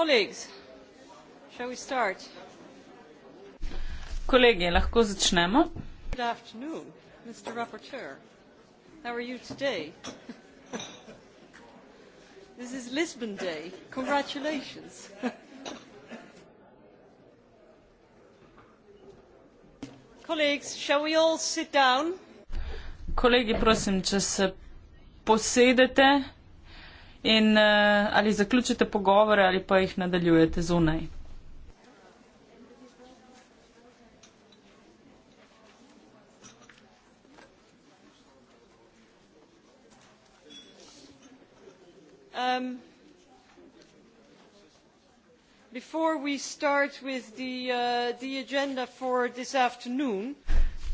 Colleagues, shall we start? Kolegi, lahko začnemo. Good afternoon, Mr. Rapporteur. How are you today? this is Lisbon Day. Congratulations. Colleagues, shall we all sit down? Kolegi, prosim, če se posedete in uh, ali zaključite pogovore ali pa jih nadaljujete zunaj. Um. Before we start with the, uh, the agenda for this afternoon,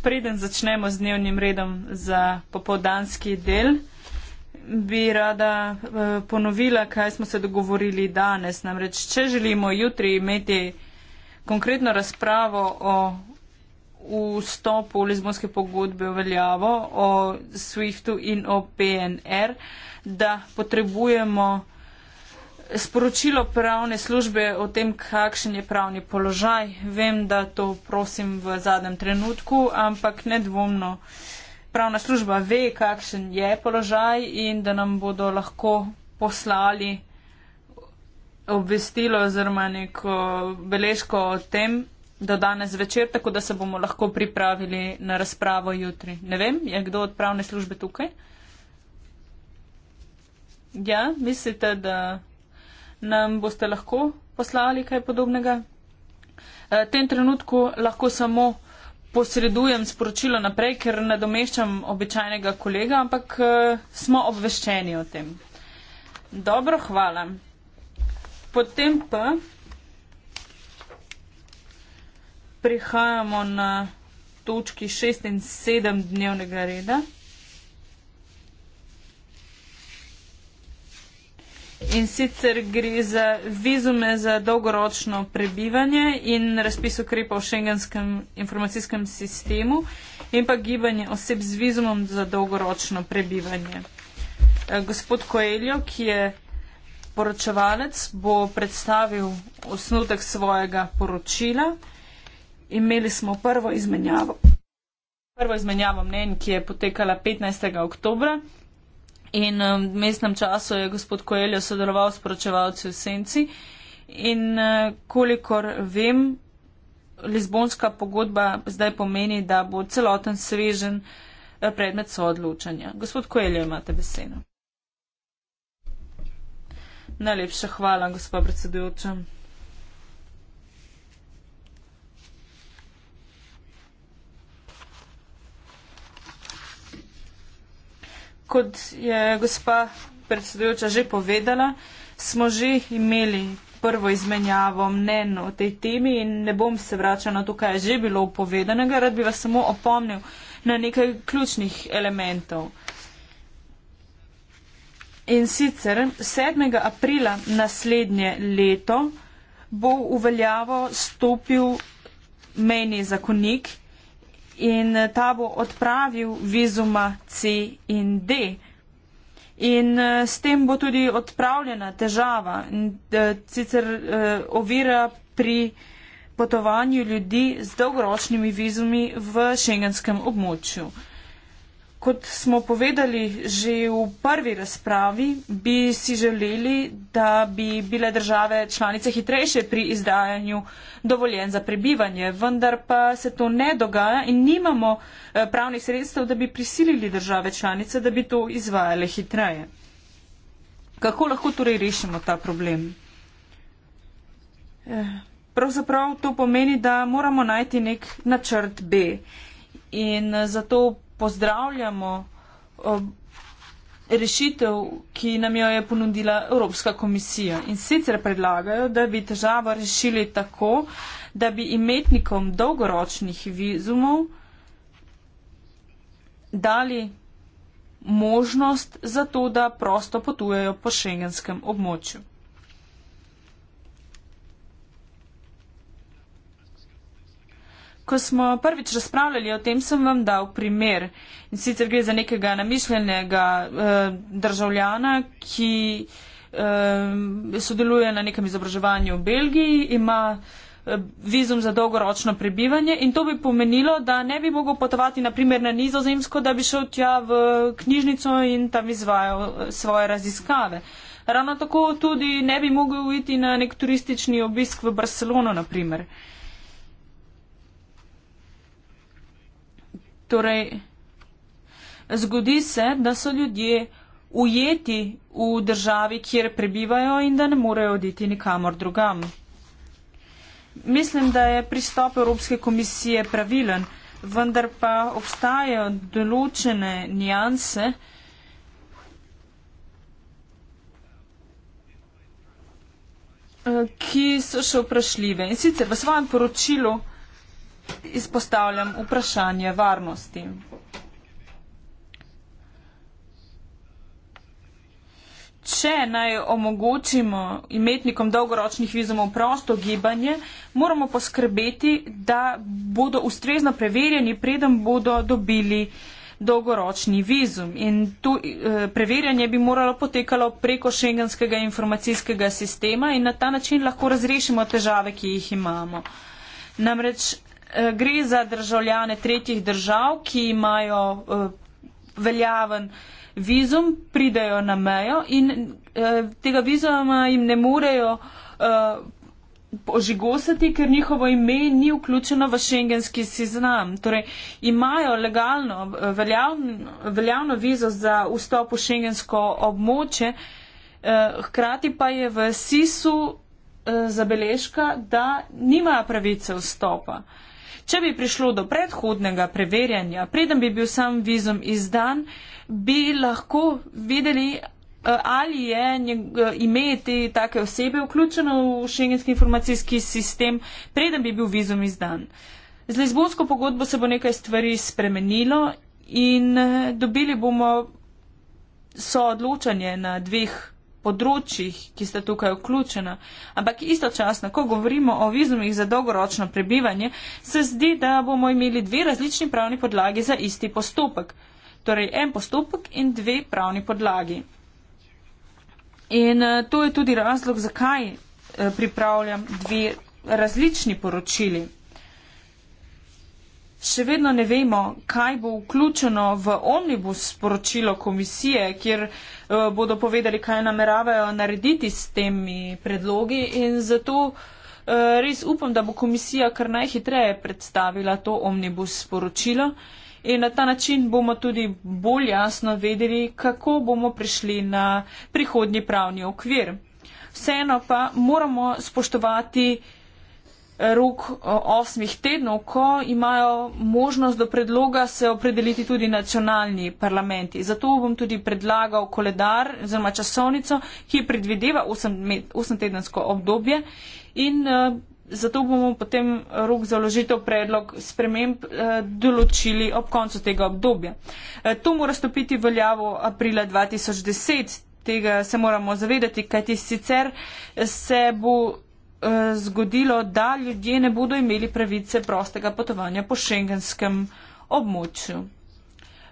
preden začnemo z dnevnim redom za popoldanski del, uh, bi rada eh, ponovila, kaj smo se dogovorili danes. Namreč, če želimo jutri imeti konkretno razpravo o vstopu Lizbonske pogodbe v veljavo, o SWIFT-u in o PNR, da potrebujemo sporočilo pravne službe o tem, kakšen je pravni položaj. Vem, da to prosim v zadnjem trenutku, ampak nedvomno pravna služba ve, kakšen je položaj in da nam bodo lahko poslali obvestilo oziroma neko beležko o tem do danes večer, tako da se bomo lahko pripravili na razpravo jutri. Ne vem, je kdo od pravne službe tukaj? Ja, mislite, da nam boste lahko poslali kaj podobnega? Eh, v tem trenutku lahko samo posredujem sporočilo naprej, ker nadomeščam običajnega kolega, ampak uh, smo obveščeni o tem. Dobro, hvala. Potem pa prihajamo na točki 6 in 7 dnevnega reda. In sicer gre za vizume za dolgoročno prebivanje in razpis ukrepa v šengenskem informacijskem sistemu in pa gibanje oseb z vizumom za dolgoročno prebivanje. Eh, gospod Koeljo, ki je poročevalec, bo predstavil osnutek svojega poročila. Imeli smo prvo izmenjavo. Prvo izmenjavo mnen, ki je potekala 15. oktobra In um, v mestnem času je gospod Koeljo sodeloval s poročevalci v Senci. In uh, kolikor vem, Lizbonska pogodba zdaj pomeni, da bo celoten svežen eh, predmet soodločanja. Gospod Koeljo, imate besedo. Najlepša hvala, gospod predsedujoča. kot je gospa predsedujoča že povedala, smo že imeli prvo izmenjavo mnen o tej temi in ne bom se vračala na to, kaj je že bilo povedanega, rad bi vas samo opomnil na nekaj ključnih elementov. In sicer 7. aprila naslednje leto bo v veljavo stopil mejni zakonik, in eh, ta bo odpravil vizuma C in D. In eh, s tem bo tudi odpravljena težava, eh, sicer ovira pri potovanju ljudi z dolgoročnimi vizumi v šengenskem območju. Kot smo povedali že v prvi razpravi, bi si želeli, da bi bile države članice hitrejše pri izdajanju dovoljen za prebivanje, vendar pa se to ne dogaja in nimamo eh, pravnih sredstev, da bi prisilili države članice, da bi to izvajale hitreje. Kako lahko torej rešimo ta problem? Eh, pravzaprav to pomeni, da moramo najti nek načrt B. In eh, zato pozdravljamo eh, rešitev, ki nam jo je ponudila Evropska komisija. In sicer predlagajo, da bi težavo rešili tako, da bi imetnikom dolgoročnih vizumov dali možnost za to, da prosto potujejo po šengenskem območju. ko smo prvič razpravljali o tem, sem vam dal primer. In sicer gre za nekega namišljenega eh, državljana, ki eh, sodeluje na nekem izobraževanju v Belgiji, ima eh, vizum za dolgoročno prebivanje in to bi pomenilo, da ne bi mogel potovati naprimer na nizozemsko, da bi šel tja v knjižnico in tam izvajal eh, svoje raziskave. Ravno tako tudi ne bi mogel iti na nek turistični obisk v Barcelono naprimer. Uh, Torej, zgodi se, da so ljudje ujeti v državi, kjer prebivajo in da ne morejo oditi nikamor drugam. Mislim, da je pristop Evropske komisije pravilen, vendar pa obstajajo določene nijanse, eh, ki so še vprašljive. In sicer v svojem poročilu izpostavljam vprašanje varnosti. Če naj omogočimo imetnikom dolgoročnih vizumov prosto gibanje, moramo poskrbeti, da bodo ustrezno preverjeni, preden bodo dobili dolgoročni vizum. In to eh, preverjanje bi moralo potekalo preko šengenskega informacijskega sistema in na ta način lahko razrešimo težave, ki jih imamo. Namreč Eh, gre za državljane tretjih držav, ki imajo eh, veljaven vizum, pridejo na mejo in eh, tega vizuma jim ne morejo ožigosati, ker njihovo ime ni vključeno v šengenski seznam. Torej imajo legalno veljavno, veljavno vizo za vstop v šengensko območje, hkrati pa je v SIS-u zabeležka, da nimajo pravice vstopa. Če bi prišlo do predhodnega preverjanja, preden bi bil sam vizum izdan, bi lahko videli, eh, ali je eh, ime te take osebe vključeno v šengenski informacijski sistem, preden bi bil vizum izdan. Z Lizbonsko pogodbo se bo nekaj stvari spremenilo in eh, dobili bomo soodločanje na dveh področjih, ki sta tukaj vključena. Ampak istočasno, ko govorimo o vizumih za dolgoročno prebivanje, se zdi, da bomo imeli dve različni pravni podlagi za isti postopek. Torej en postopek in dve pravni podlagi. In eh, to je tudi razlog, zakaj eh, pripravljam dve različni poročili še vedno ne vemo, kaj bo vključeno v omnibus sporočilo komisije, kjer eh, bodo povedali, kaj nameravajo narediti s temi predlogi in zato eh, res upam, da bo komisija kar najhitreje predstavila to omnibus sporočilo. In na ta način bomo tudi bolj jasno vedeli, kako bomo prišli na prihodnji pravni okvir. Vseeno pa moramo spoštovati uh, rok osmih tednov, ko imajo možnost do predloga se opredeliti tudi nacionalni parlamenti. Zato bom tudi predlagal koledar oziroma časovnico, ki predvideva osemtedensko obdobje in uh, zato bomo potem rok za ložitev predlog sprememb uh, določili ob koncu tega obdobja. Uh, to mora stopiti veljavo aprila 2010. Tega se moramo zavedati, kajti sicer se bo Eh, zgodilo, da ljudje ne bodo imeli pravice prostega potovanja po šengenskem območju.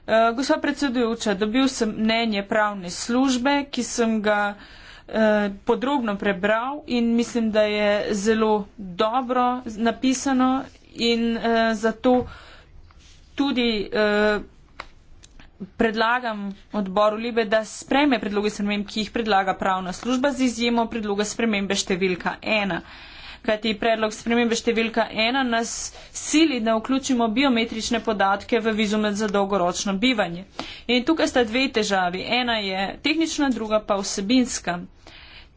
Eh, Gospod predsedujoča, dobil sem mnenje pravne službe, ki sem ga eh, podrobno prebral in mislim, da je zelo dobro napisano in zato tudi predlagam odboru Libe, da spreme predloge sprememb, ki jih predlaga pravna služba z izjemo predloga spremembe številka ena. Kajti predlog spremembe številka ena nas sili, da vključimo biometrične podatke v vizumet za dolgoročno bivanje. In tukaj sta dve težavi. Ena je tehnična, druga pa vsebinska.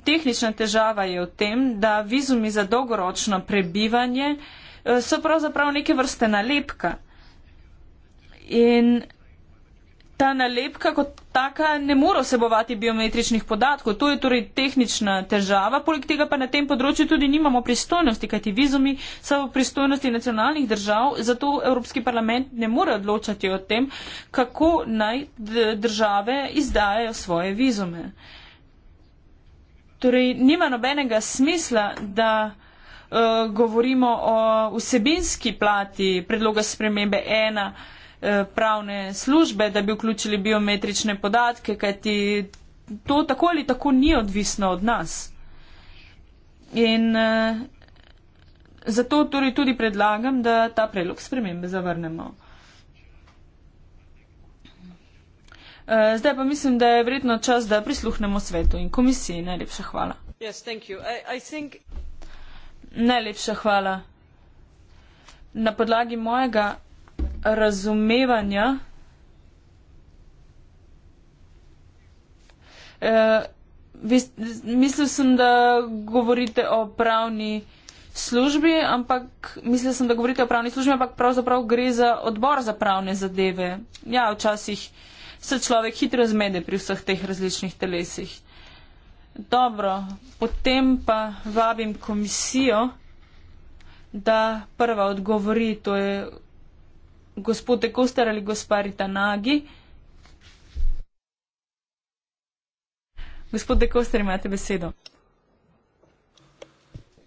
Tehnična težava je v tem, da vizumi za dolgoročno prebivanje eh, so pravzaprav neke vrste nalepka. In ta nalepka kot taka ne more vsebovati biometričnih podatkov. To je torej tehnična težava, poleg tega pa na tem področju tudi nimamo pristojnosti, kajti vizumi so v pristojnosti nacionalnih držav, zato Evropski parlament ne more odločati o tem, kako naj države izdajajo svoje vizume. Torej, nima nobenega smisla, da uh, govorimo o vsebinski plati predloga spremembe 1. Eh, pravne službe, da bi vključili biometrične podatke, kajti to tako ali tako ni odvisno od nas. In e, zato torej tudi predlagam, da ta predlog spremembe zavrnemo. E, zdaj pa mislim, da je vredno čas, da prisluhnemo svetu in komisiji. Najlepša hvala. Yes, I, I think... Najlepša hvala. Na podlagi mojega razumevanja. Uh, eh, vis, mislil sem, da govorite o pravni službi, ampak mislil sem, da govorite o pravni službi, ampak pravzaprav gre za odbor za pravne zadeve. Ja, včasih se človek hitro zmede pri vseh teh različnih telesih. Dobro, potem pa vabim komisijo, da prva odgovori, to je gospod Ekoster ali gospa Rita Nagi. Gospod Ekoster, imate besedo.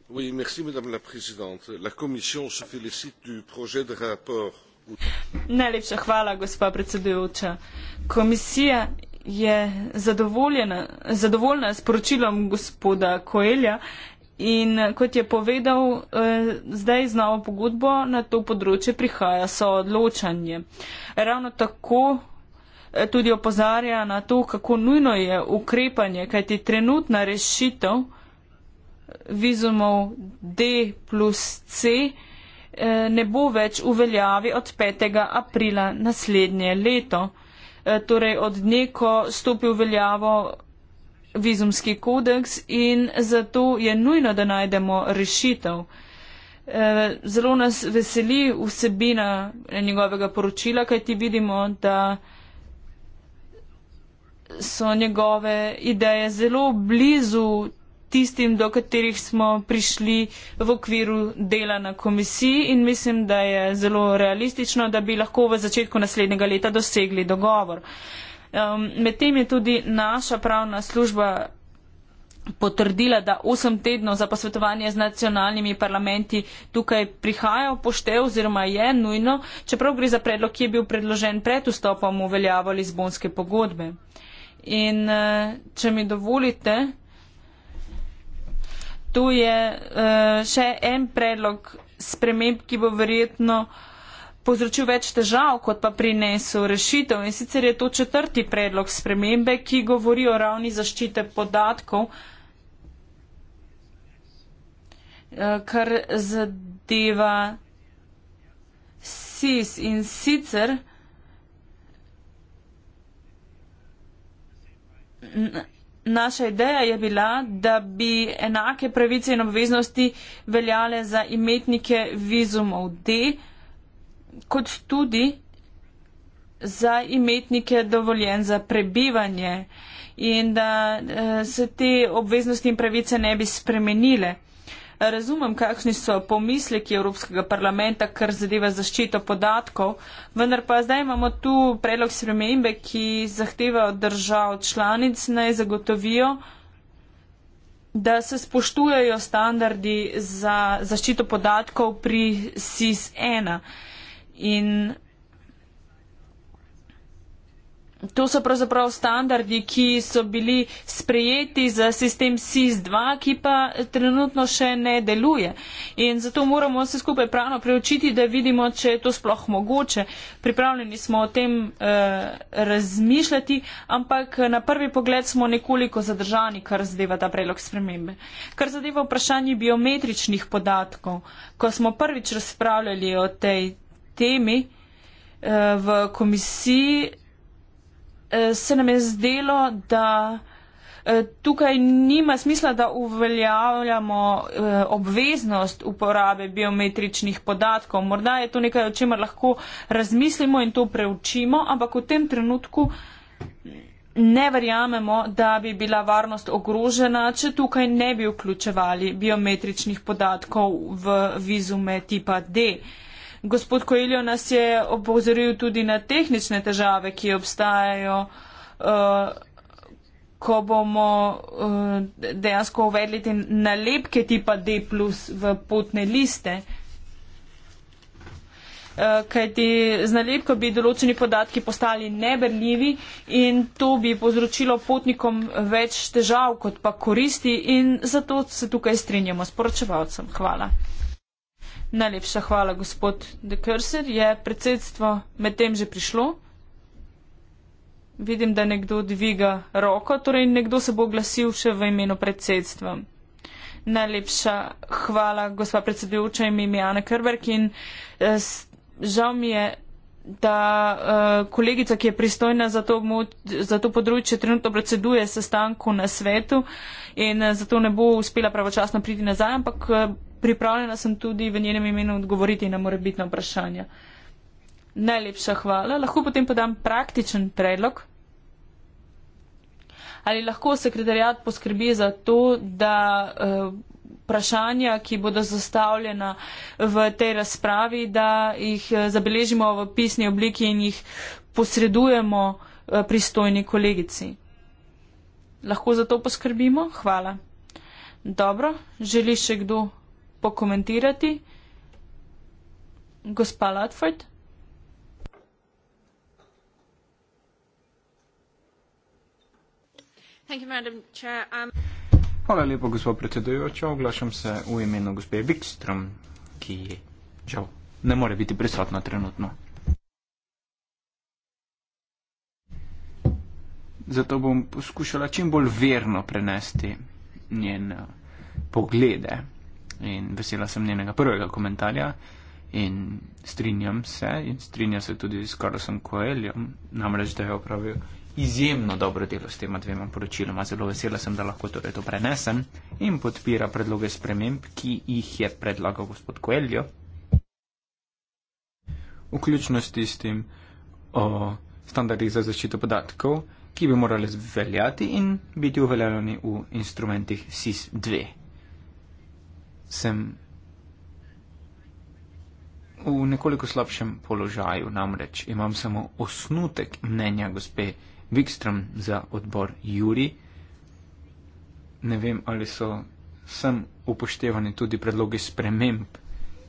Oui, merci, madame la présidente. La commission se félicite du projet de rapport. Najlepša hvala, gospa predsedujoča. Komisija je zadovoljna s poročilom gospoda Koelja, In kot je povedal, eh, zdaj z novo pogodbo na to področje prihaja soodločanje. Ravno tako eh, tudi opozarja na to, kako nujno je ukrepanje, kajti trenutna rešitev eh, vizumov D plus C ne bo več v veljavi od 5. aprila naslednje leto. Torej od neko stopi v veljavo vizumski kodeks in zato je nujno, da najdemo rešitev. E, zelo nas veseli vsebina njegovega poročila, kajti vidimo, da so njegove ideje zelo blizu tistim, do katerih smo prišli v okviru dela na komisiji in mislim, da je zelo realistično, da bi lahko v začetku naslednjega leta dosegli dogovor. Uh, Um, Medtem je tudi naša pravna služba potrdila, da 8 tednov za posvetovanje z nacionalnimi parlamenti tukaj prihaja v poštev oziroma je nujno, čeprav gre za predlog, ki je bil predložen pred vstopom v veljavo Lizbonske pogodbe. In eh, če mi dovolite, tu je eh, še en predlog sprememb, ki bo verjetno uh, povzročil več težav, kot pa prinesel rešitev. In sicer je to četrti predlog spremembe, ki govori o ravni zaščite podatkov, eh, kar zadeva SIS. In sicer naša ideja je bila, da bi enake pravice in obveznosti veljale za imetnike vizumov D, kot tudi za imetnike dovoljen za prebivanje in da eh, se te obveznosti in pravice ne bi spremenile. Razumem, kakšni so pomisleki Evropskega parlamenta, kar zadeva zaščito podatkov, vendar pa zdaj imamo tu predlog spremembe, ki zahteva od držav članic naj zagotovijo, da se spoštujejo standardi za zaščito podatkov pri SIS-1. In to so pravzaprav standardi, ki so bili sprejeti za sistem SIS-2, ki pa trenutno še ne deluje. In zato moramo se skupaj pravno preučiti, da vidimo, če je to sploh mogoče. Pripravljeni smo o tem eh, razmišljati, ampak eh, na prvi pogled smo nekoliko zadržani, kar zadeva ta predlog spremembe. Kar zadeva vprašanje biometričnih podatkov, ko smo prvič razpravljali o tej temi eh, v komisiji, eh, se nam je zdelo, da eh, tukaj nima smisla, da uveljavljamo obveznost uporabe biometričnih podatkov. Morda je to nekaj, o čemer lahko razmislimo in to preučimo, ampak v tem trenutku. Ne verjamemo, da bi bila varnost ogrožena, če tukaj ne bi vključevali biometričnih podatkov v vizume tipa D. Uh, Gospod Koeljo nas je opozoril tudi na tehnične težave, ki obstajajo, eh, ko bomo eh, dejansko uvedli te nalepke tipa D plus v potne liste. Eh, Kaj ti z nalepko bi določeni podatki postali neberljivi in to bi povzročilo potnikom več težav kot pa koristi in zato se tukaj strinjamo s poročevalcem. Hvala. Najlepša hvala, gospod De Kerser. Je predsedstvo med tem že prišlo? Vidim, da nekdo dviga roko, torej nekdo se bo oglasil še v imenu predsedstva. Najlepša hvala, gospa predsedujoča, ime mi je Ana Krberg in eh, žal mi je, da eh, kolegica, ki je pristojna za to, za to področje, trenutno predseduje sestanku na svetu in eh, zato ne bo uspela pravočasno priti nazaj, ampak. Eh, pripravljena sem tudi v njenem imenu odgovoriti na morebitna vprašanja. Najlepša hvala. Lahko potem podam praktičen predlog. Ali lahko sekretarjat poskrbi za to, da eh, vprašanja, ki bodo zastavljena v tej razpravi, da jih eh, zabeležimo v pisni obliki in jih posredujemo eh, pristojni kolegici. Lahko za to poskrbimo? Hvala. Dobro, želi še kdo pokomentirati? Gospa Latford? Um, Hvala lepo, gospod predsedujoča. Oglašam se v imenu gospe Wikström, ki žal ne more biti prisotna trenutno. Zato bom poskušala čim bolj verno prenesti njen poglede in vesela sem njenega prvega komentarja in strinjam se in strinjam se tudi s Karlosom Koeljem, namreč da je opravil izjemno dobro delo s tema dvema poročiloma. Zelo vesela sem, da lahko torej to prenesem in podpira predloge sprememb, ki jih je predlagal gospod Koeljo. Vključno s tistim o standardih za zaščito podatkov, ki bi morali veljati in biti uveljavljeni v instrumentih SIS 2 sem v nekoliko slabšem položaju, namreč imam samo osnutek mnenja gospe Wikström za odbor Juri. Ne vem, ali so sem upoštevani tudi predlogi sprememb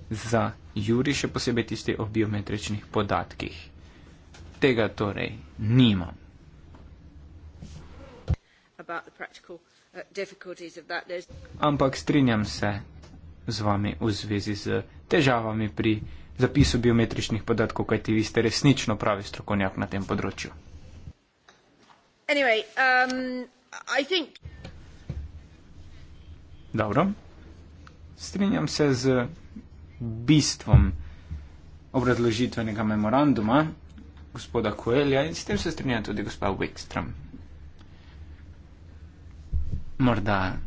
za Juri, še posebej tisti o biometričnih podatkih. Tega torej nimam about the practical uh, difficulties of that. There's... Ampak strinjam se z vami v zvezi z težavami pri zapisu biometričnih podatkov, kajti vi ste resnično pravi strokovnjak na tem področju. Anyway, um, I think... Dobro. Strinjam se z bistvom obrazložitvenega memoranduma gospoda Koelja in s tem se strinja tudi gospod Wickstrom morda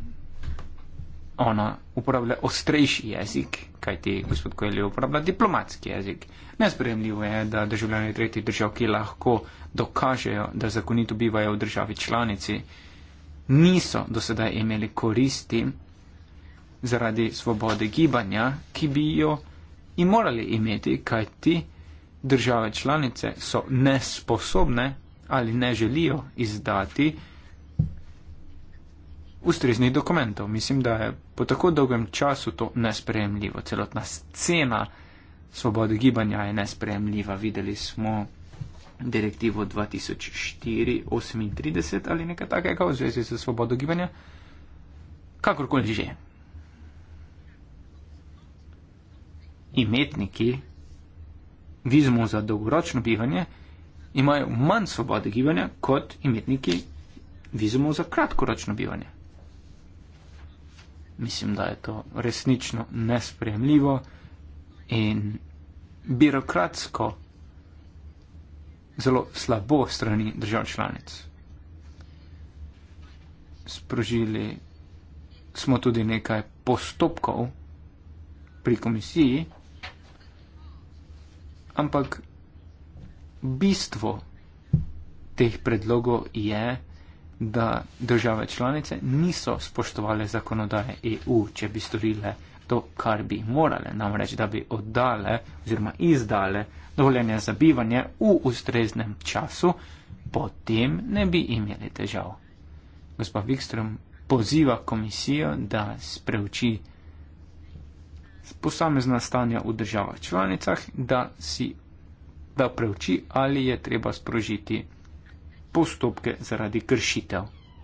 ona uporablja ostrejši jezik, kajti gospod Kojeli uporablja diplomatski jezik. Nesprejemljivo je, da državljani tretjih držav, ki lahko dokažejo, da zakonito bivajo v državi članici, niso do sedaj imeli koristi zaradi svobode gibanja, ki bi jo in morali imeti, kajti države članice so nesposobne ali ne želijo izdati ustreznih dokumentov. Mislim, da je po tako dolgem času to nespremljivo. Celotna scena svobode gibanja je nespremljiva. Videli smo direktivo 2004-38 ali nekaj takega v zvezi z svobodo gibanja. Kakorkoli že. Imetniki vizmo za dolgoročno bivanje imajo manj svobode gibanja kot imetniki vizmo za kratkoročno bivanje. Mislim, da je to resnično nespremljivo in birokratsko zelo slabo strani držav članic. Sprožili smo tudi nekaj postopkov pri komisiji, ampak bistvo teh predlogov je, da da države članice niso spoštovale zakonodaje EU, če bi storile to, kar bi morale, namreč da bi oddale oziroma izdale dovoljenje za bivanje v ustreznem času, potem ne bi imeli težav. Gospa Wikström poziva komisijo, da spreuči posamezna stanja v državah članicah, da si da preuči, ali je treba sprožiti postopke zaradi kršitev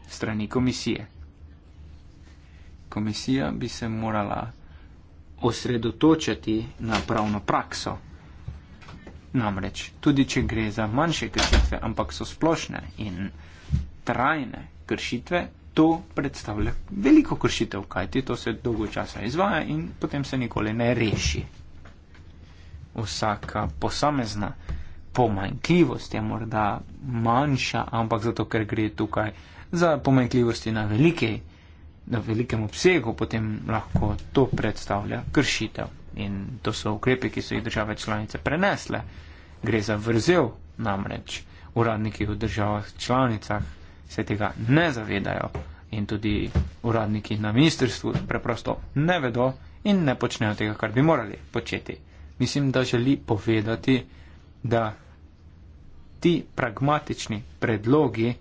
strani komisije. Komisija bi se morala osredotočiti na pravno prakso. Namreč, tudi če gre za manjše kršitve, ampak so splošne in trajne kršitve, to predstavlja veliko kršitev, kajti to se dolgo časa izvaja in potem se nikoli ne reši. Vsaka posamezna kršitev pomanjkljivost je morda manjša, ampak zato, ker gre tukaj za pomanjkljivosti na, velike, na velikem obsegu, potem lahko to predstavlja kršitev. In to so ukrepe, ki so jih države članice prenesle. Gre za vrzel, namreč uradniki v državah članicah se tega ne zavedajo in tudi uradniki na ministrstvu preprosto ne vedo in ne počnejo tega, kar bi morali početi. Mislim, da želi povedati, da ti pragmatični predlogi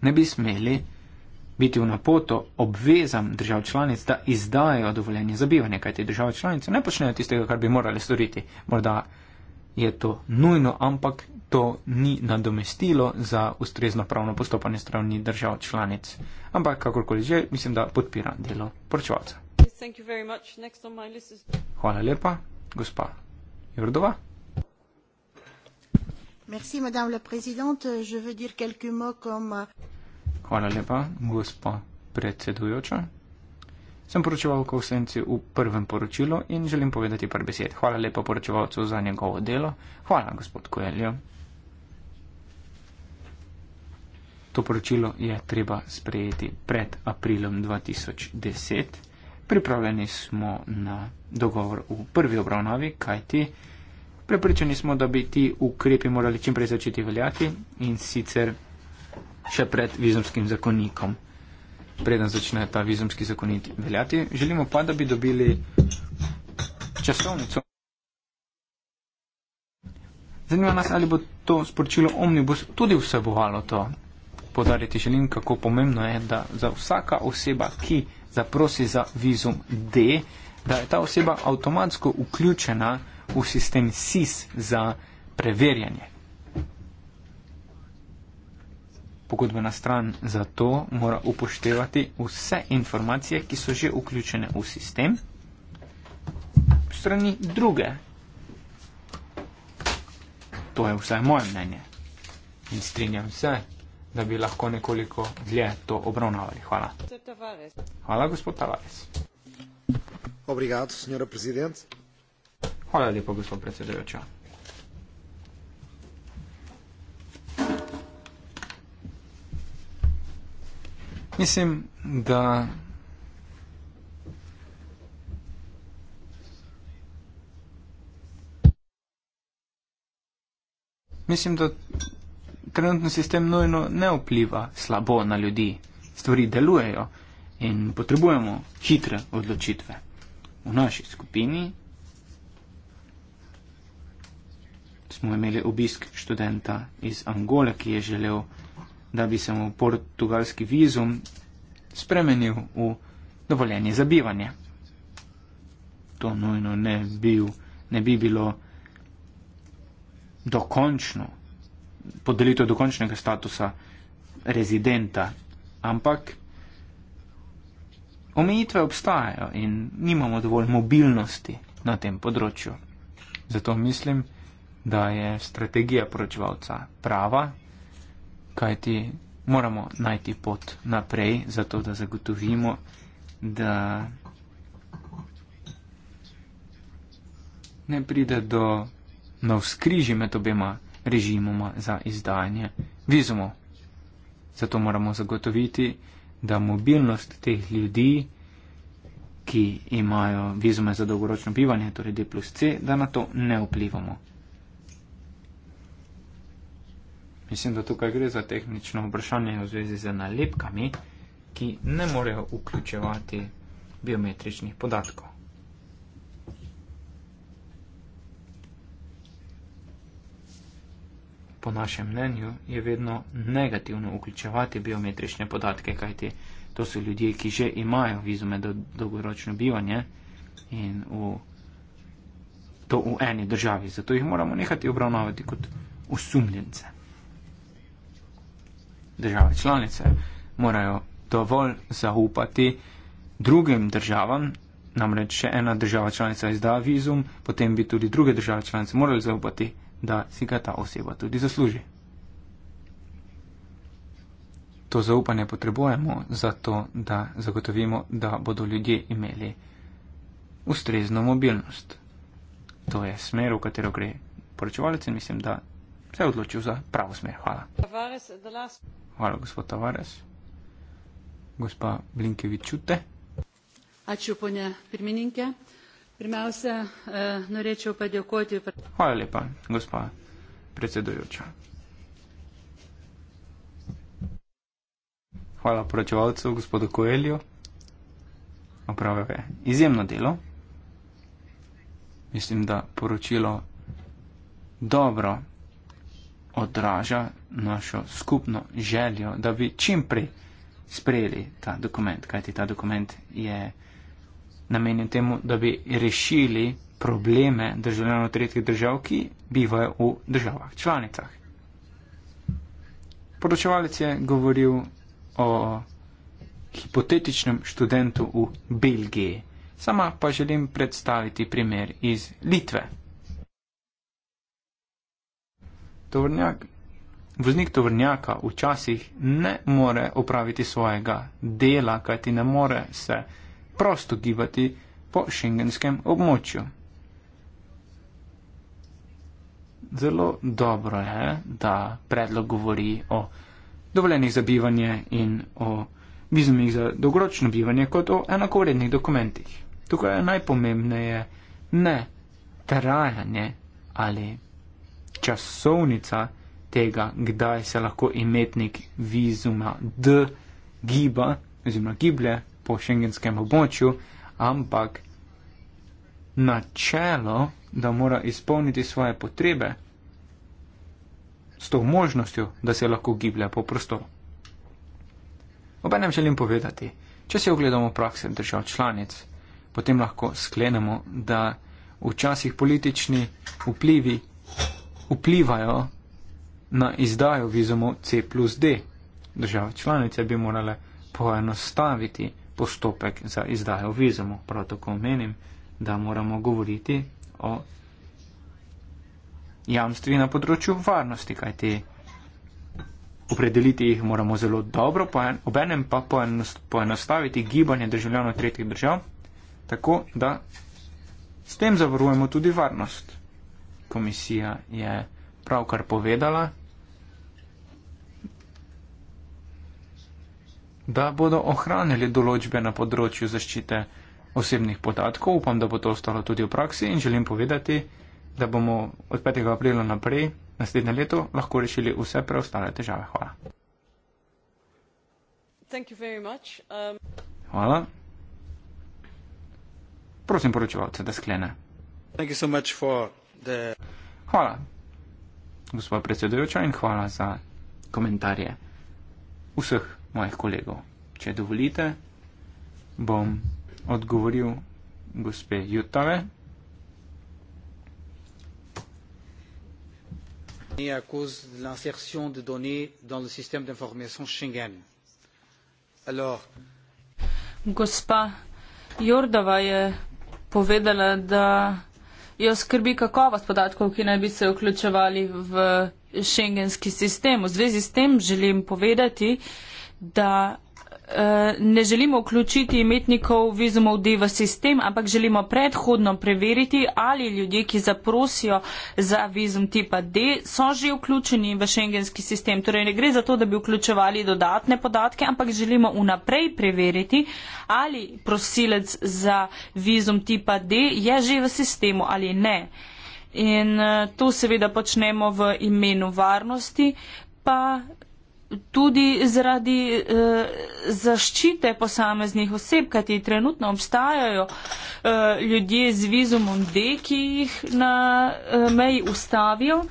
ne bi smeli biti v napoto obvezam držav članic, da izdajo dovoljenje za bivanje, kajti države članice ne počnejo tistega, kar bi morali storiti. Morda je to nujno, ampak to ni nadomestilo za ustrezno pravno postopanje strani držav članic. Ampak kakorkoli že, mislim, da podpira delo poročevalca. Hvala lepa, gospa Jordova. Merci madame la présidente, je veux dire quelques mots comme euh, Hvala lepa, gospa predsedujoča. Sem poročevalka v senci v prvem poročilu in želim povedati par besed. Hvala lepa poročevalcu za njegovo delo. Hvala, gospod Koeljo. To poročilo je treba sprejeti pred aprilom 2010. Pripravljeni smo na dogovor v prvi obravnavi, kajti. Prepričani smo, da bi ti ukrepi morali čim prej začeti veljati in sicer še pred vizumskim zakonikom. Preden začne ta vizumski zakonik veljati, želimo pa, da bi dobili časovnico. Zanima nas, ali bo to sporočilo omnibus tudi vsebovalo to. Podariti želim, kako pomembno je, da za vsaka oseba, ki zaprosi za vizum D, da je ta oseba avtomatsko vključena v sistem SIS za preverjanje. Pogodbena stran za to mora upoštevati vse informacije, ki so že vključene v sistem, strani druge. To je vse moje mnenje in strinjam se, da bi lahko nekoliko dlje to obravnavali. Hvala. Hvala, gospod Tavares. Obrigado, senhora presidente. Hvala lepo, gospod predsedujoča. Mislim, da mislim, da trenutni sistem nujno ne vpliva slabo na ljudi. Stvari delujejo in potrebujemo hitre odločitve. V naši skupini smo imeli obisk študenta iz Angole, ki je želel, da bi se mu portugalski vizum spremenil v dovoljenje za bivanje. To nujno ne, bil, ne bi bilo dokončno, podelitev dokončnega statusa rezidenta, ampak omejitve obstajajo in nimamo dovolj mobilnosti na tem področju. Zato mislim, da je strategija poročevalca prava, kajti moramo najti pot naprej, zato da zagotovimo, da ne pride do navskriži med obema režimoma za izdajanje vizumov. Zato moramo zagotoviti, da mobilnost teh ljudi, ki imajo vizume za dolgoročno bivanje, torej D plus C, da na to ne vplivamo. Mislim, da tukaj gre za tehnično vprašanje v zvezi z nalepkami, ki ne morejo vključevati biometričnih podatkov. Po našem mnenju je vedno negativno vključevati biometrične podatke, kajti to so ljudje, ki že imajo vizume do dolgoročno bivanje in v, to v eni državi. Zato jih moramo nekati obravnavati kot osumljence države članice morajo dovolj zaupati drugim državam, namreč če ena država članica izda vizum, potem bi tudi druge države članice morali zaupati, da si ga ta oseba tudi zasluži. To zaupanje potrebujemo zato, da zagotovimo, da bodo ljudje imeli ustrezno mobilnost. To je smer, v katero gre poročevalec in mislim, da se je odločil za pravo smer. Hvala. Hvala, gospod Tavares. Gospa Blinkevič, čute? Ačiupone, pirmininke. Pirmiausia, e, norėčiau padėkoti. Hvala lepa, gospa predsedujoča. Hvala poročevalcu, gospodu Koeliju. Opravil je izjemno delo. Mislim, da poročilo dobro odraža našo skupno željo, da bi čim prej sprejeli ta dokument, kajti ta dokument je namenjen temu, da bi rešili probleme državljanov tretjih držav, ki bivajo v državah članicah. Poročevalec je govoril o hipotetičnem študentu v Belgiji. Sama pa želim predstaviti primer iz Litve. tovrnjak. Voznik tovrnjaka včasih ne more opraviti svojega dela, kajti ne more se prosto gibati po šengenskem območju. Zelo dobro je, da predlog govori o dovoljenih za bivanje in o vizumih za dolgoročno bivanje kot o enakovrednih dokumentih. Tukaj je najpomembneje ne trajanje ali časovnica tega, kdaj se lahko imetnik vizuma D giba oziroma giblje po šengenskem območju, ampak načelo, da mora izpolniti svoje potrebe s to možnostjo, da se lahko giblje po prostoru. Obenem želim povedati, če se ogledamo prakse držav članic, potem lahko sklenemo, da včasih politični vplivi vplivajo na izdajo vizumov C plus D. Države članice bi morale poenostaviti postopek za izdajo vizumov. Prav tako menim, da moramo govoriti o jamstvi na področju varnosti, kajti opredeliti jih moramo zelo dobro, obenem pa poenostaviti gibanje državljanov tretjih držav, tako da s tem zavarujemo tudi varnost komisija je pravkar povedala, da bodo ohranili določbe na področju zaščite osebnih podatkov. Upam, da bo to ostalo tudi v praksi in želim povedati, da bomo od 5. aprila naprej naslednje leto lahko rešili vse preostale težave. Hvala. Um, Hvala. Prosim poročevalce, da sklene. Thank you so much for Hvala, gospod predsedujoča, in hvala za komentarje vseh mojih kolegov. Če dovolite, bom odgovoril gospe Jutave. à cause de l'insertion de données dans le système d'information Schengen. Alors, Gospa Jordava je povedala, da jo skrbi kakovost podatkov, ki naj bi se vključevali v šengenski sistem. V zvezi s tem želim povedati, da Eh, ne želimo vključiti imetnikov vizumov D v sistem, ampak želimo predhodno preveriti, ali ljudje, ki zaprosijo za vizum tipa D, so že vključeni v šengenski sistem. Torej ne gre za to, da bi vključevali dodatne podatke, ampak želimo vnaprej preveriti, ali prosilec za vizum tipa D je že v sistemu ali ne. In eh, to seveda počnemo v imenu varnosti, pa tudi zaradi eh, zaščite posameznih oseb, kajti trenutno obstajajo eh, ljudje z vizumom D, ki jih na eh, meji ustavijo eh,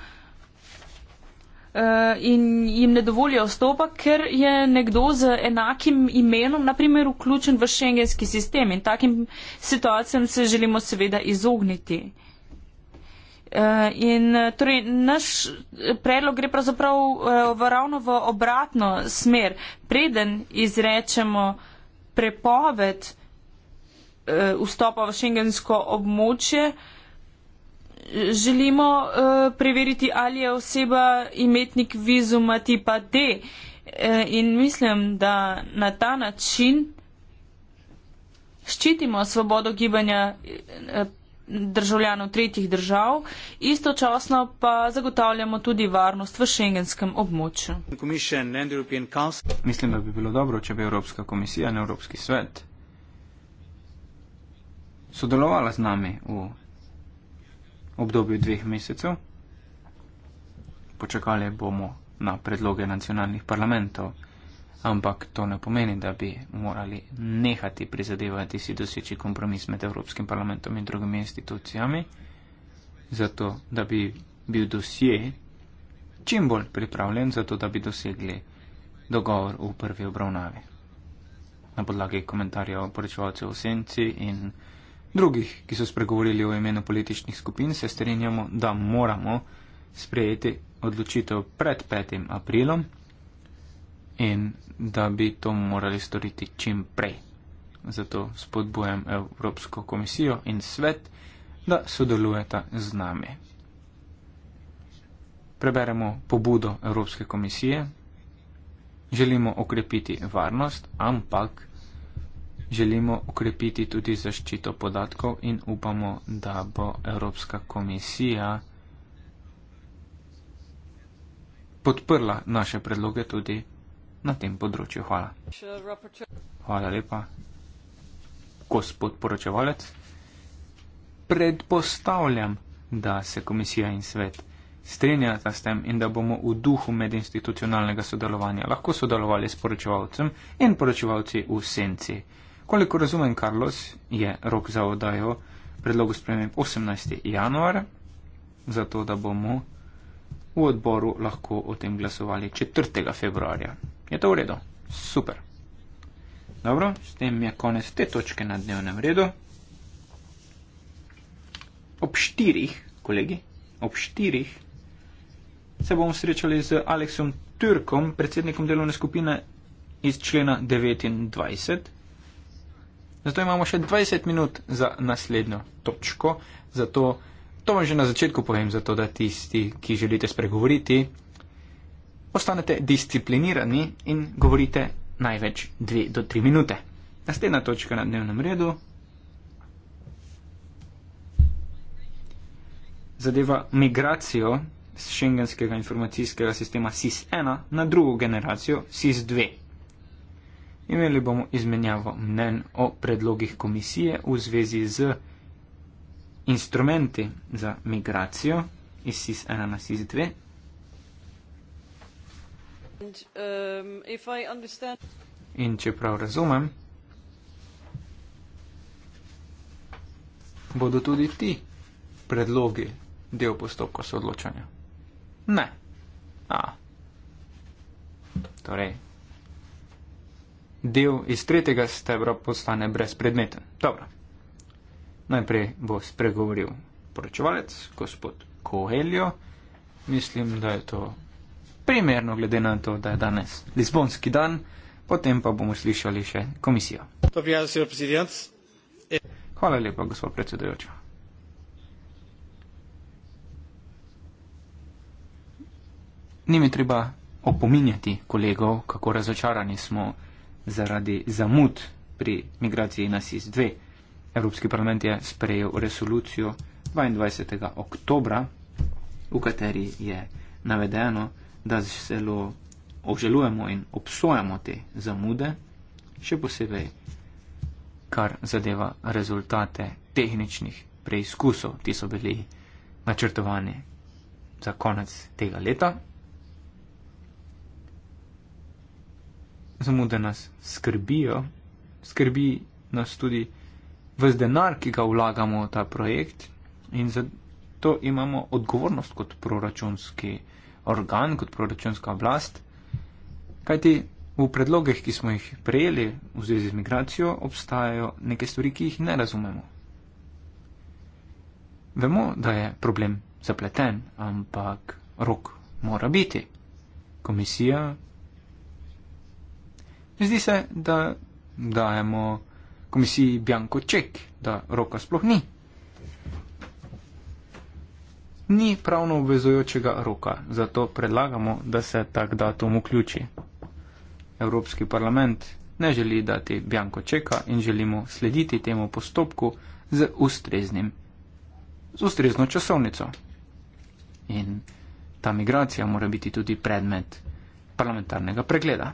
in jim ne dovolijo vstopa, ker je nekdo z enakim imenom, naprimer, vključen v šengenski sistem in takim situacijam se želimo seveda izogniti. Eh, in eh, torej naš eh, predlog gre pravzaprav v ravno v obratno smer. Preden izrečemo prepoved vstopa v šengensko območje, želimo preveriti, ali je oseba imetnik vizuma tipa D. In mislim, da na ta način ščitimo svobodo gibanja državljanov tretjih držav, istočasno pa zagotavljamo tudi varnost v šengenskem območju. Mislim, da bi bilo dobro, če bi Evropska komisija in Evropski svet sodelovala z nami v obdobju dveh mesecev. Počakali bomo na predloge nacionalnih parlamentov ampak to ne pomeni, da bi morali nehati prizadevati si doseči kompromis med Evropskim parlamentom in drugimi institucijami, zato da bi bil dosje čim bolj pripravljen, zato da bi dosegli dogovor v prvi obravnavi. Na podlagi komentarjev poročevalcev v senci in drugih, ki so spregovorili o imenu političnih skupin, se strinjamo, da moramo sprejeti odločitev pred 5. aprilom in da bi to morali storiti čim prej. Zato spodbujam Evropsko komisijo in svet, da sodelujeta z nami. Preberemo pobudo Evropske komisije. Želimo okrepiti varnost, ampak želimo okrepiti tudi zaščito podatkov in upamo, da bo Evropska komisija podprla naše predloge tudi na tem področju. Hvala. Hvala lepa, gospod poročevalec. Predpostavljam, da se komisija in svet strinjata s tem in da bomo v duhu medinstitucionalnega sodelovanja lahko sodelovali s poročevalcem in poročevalci v senci. Koliko razumem, Carlos, je rok za odajo predlogu sprememb 18. januar, zato da bomo v odboru lahko o tem glasovali 4. februarja. Je to v redu? Super. Dobro, s tem je konec te točke na dnevnem redu. Ob štirih, kolegi, ob štirih se bomo srečali z Aleksom Turkom, predsednikom delovne skupine iz člena 29. Zato imamo še 20 minut za naslednjo točko. Zato, to vam že na začetku povem, zato da tisti, ki želite spregovoriti, ostanete disciplinirani in govorite največ dve do tri minute. Naslednja točka na dnevnem redu zadeva migracijo z šengenskega informacijskega sistema SIS-1 na drugo generacijo SIS-2. Imeli bomo izmenjavo mnen o predlogih komisije v zvezi z instrumenti za migracijo iz SIS-1 na SIS-2 Um, In če prav razumem, bodo tudi ti predlogi del postopka soodločanja. Ne. A. Torej, del iz tretjega stebra postane brezpredmeten. Dobro. Najprej bo spregovoril poročevalec, gospod Koheljo. Mislim, da je to primerno glede na to, da je danes Lizbonski dan, potem pa bomo slišali še komisijo. Hvala lepa, gospod predsedujoč. Ni mi treba opominjati kolegov, kako razočarani smo zaradi zamud pri migraciji na SIS-2. Evropski parlament je sprejel resolucijo 22. oktobra, v kateri je navedeno, da zelo obžalujemo in obsojamo te zamude, še posebej, kar zadeva rezultate tehničnih preizkusov, ki so bili načrtovani za konec tega leta. Zamude nas skrbijo, skrbi nas tudi vse denar, ki ga vlagamo v ta projekt, in zato imamo odgovornost kot proračunski organ, kot proračunska oblast, kajti v predlogih, ki smo jih prejeli v zvezi z migracijo, obstajajo neke stvari, ki jih ne razumemo. Vemo, da je problem zapleten, ampak rok mora biti. Komisija. Zdi se, da dajemo komisiji bjanko ček, da roka sploh ni ni pravno obvezujočega roka, zato predlagamo, da se tak datum vključi. Evropski parlament ne želi dati bjanko čeka in želimo slediti temu postopku z ustreznim, z ustrezno časovnico. In ta migracija mora biti tudi predmet parlamentarnega pregleda.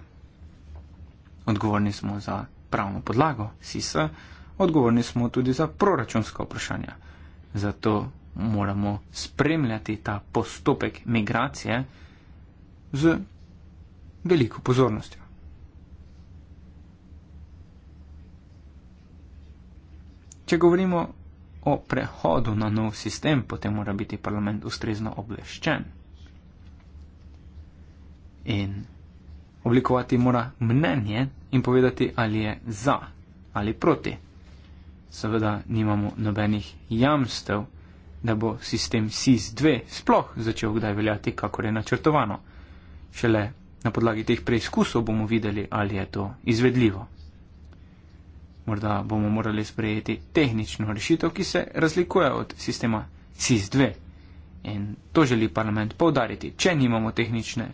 Odgovorni smo za pravno podlago, SISA, odgovorni smo tudi za proračunska vprašanja. Zato moramo spremljati ta postopek migracije z veliko pozornostjo. Če govorimo o prehodu na nov sistem, potem mora biti parlament ustrezno obveščen in oblikovati mora mnenje in povedati, ali je za ali proti. Seveda nimamo nobenih jamstev, da bo sistem SIS-2 sploh začel kdaj veljati, kako je načrtovano. Šele na podlagi teh preizkusov bomo videli, ali je to izvedljivo. Morda bomo morali sprejeti tehnično rešitev, ki se razlikuje od sistema SIS-2. In to želi parlament povdariti. Če nimamo tehnične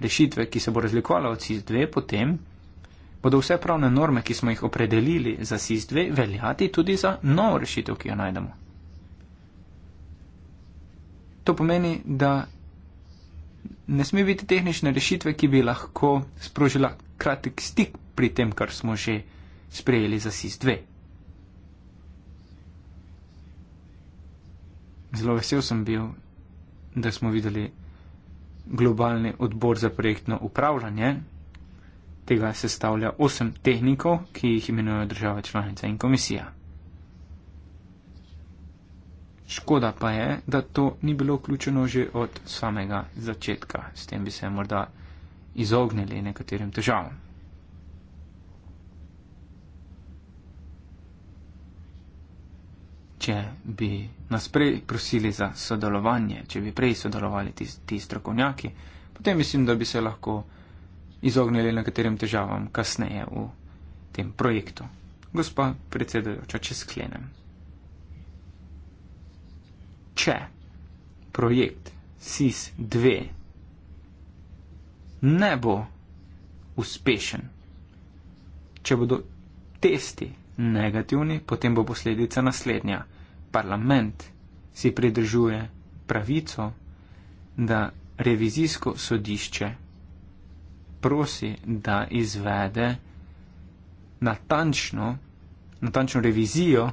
rešitve, ki se bo razlikovala od SIS-2, potem bodo vse pravne norme, ki smo jih opredelili za SIS-2, veljati tudi za novo rešitev, ki jo najdemo. To pomeni, da ne sme biti tehnične rešitve, ki bi lahko sprožila kratek stik pri tem, kar smo že sprejeli za SIS-2. Zelo vesel sem bil, da smo videli globalni odbor za projektno upravljanje. Tega sestavlja osem tehnikov, ki jih imenujejo države članice in komisija. Škoda pa je, da to ni bilo vključeno že od samega začetka. S tem bi se morda izognili nekaterim težavam. Če bi nas prej prosili za sodelovanje, če bi prej sodelovali ti, ti strokovnjaki, potem mislim, da bi se lahko izognili nekaterim težavam kasneje v tem projektu. Gospa predsedujoča, če sklenem če projekt SIS-2 ne bo uspešen, če bodo testi negativni, potem bo posledica naslednja. Parlament si pridržuje pravico, da revizijsko sodišče prosi, da izvede natančno, natančno revizijo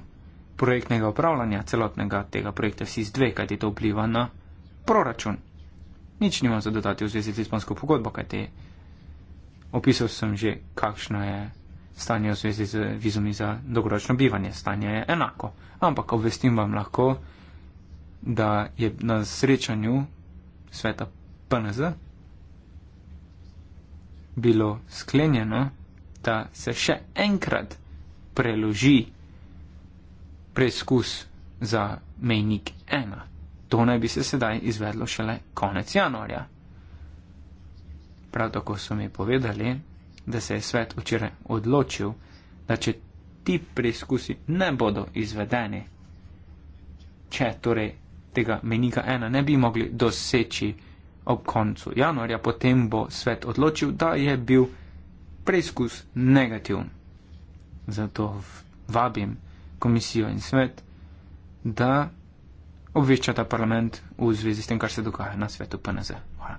projektnega upravljanja celotnega tega projekta SIS-2, kajti to vpliva na proračun. Nič nimam za dodati v zvezi z Lizbonsko pogodbo, kajti opisal sem že, kakšno je stanje v zvezi z vizumi za dolgoročno bivanje. Stanje je enako, ampak obvestim vam lahko, da je na srečanju sveta PNZ bilo sklenjeno, da se še enkrat preloži preizkus za mejnik 1. To naj bi se sedaj izvedlo šele konec januarja. Prav tako so mi povedali, da se je svet včeraj odločil, da če ti preizkusi ne bodo izvedeni, če torej tega menika ena ne bi mogli doseči ob koncu januarja, potem bo svet odločil, da je bil preizkus negativen. Zato vabim komisijo in svet, da obveščata parlament v zvezi s tem, kar se dogaja na svetu PNZ. Hvala.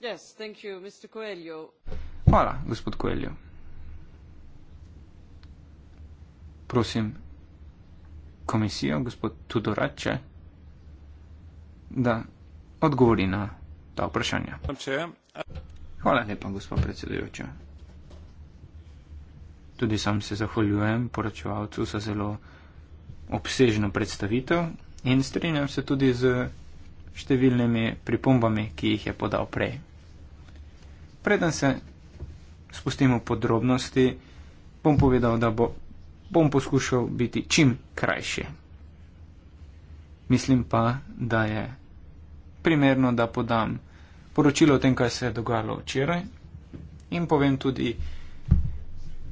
Yes, you, Hvala, gospod Koeljo. Prosim komisijo, gospod Tudorače, da odgovori na ta vprašanja. Hvala lepa, gospod predsedujoča tudi sam se zahvaljujem poročevalcu za zelo obsežno predstavitev in strinjam se tudi z številnimi pripombami, ki jih je podal prej. Preden se spustimo v podrobnosti, bom povedal, da bo, bom poskušal biti čim krajši. Mislim pa, da je primerno, da podam poročilo o tem, kaj se je dogajalo včeraj in povem tudi,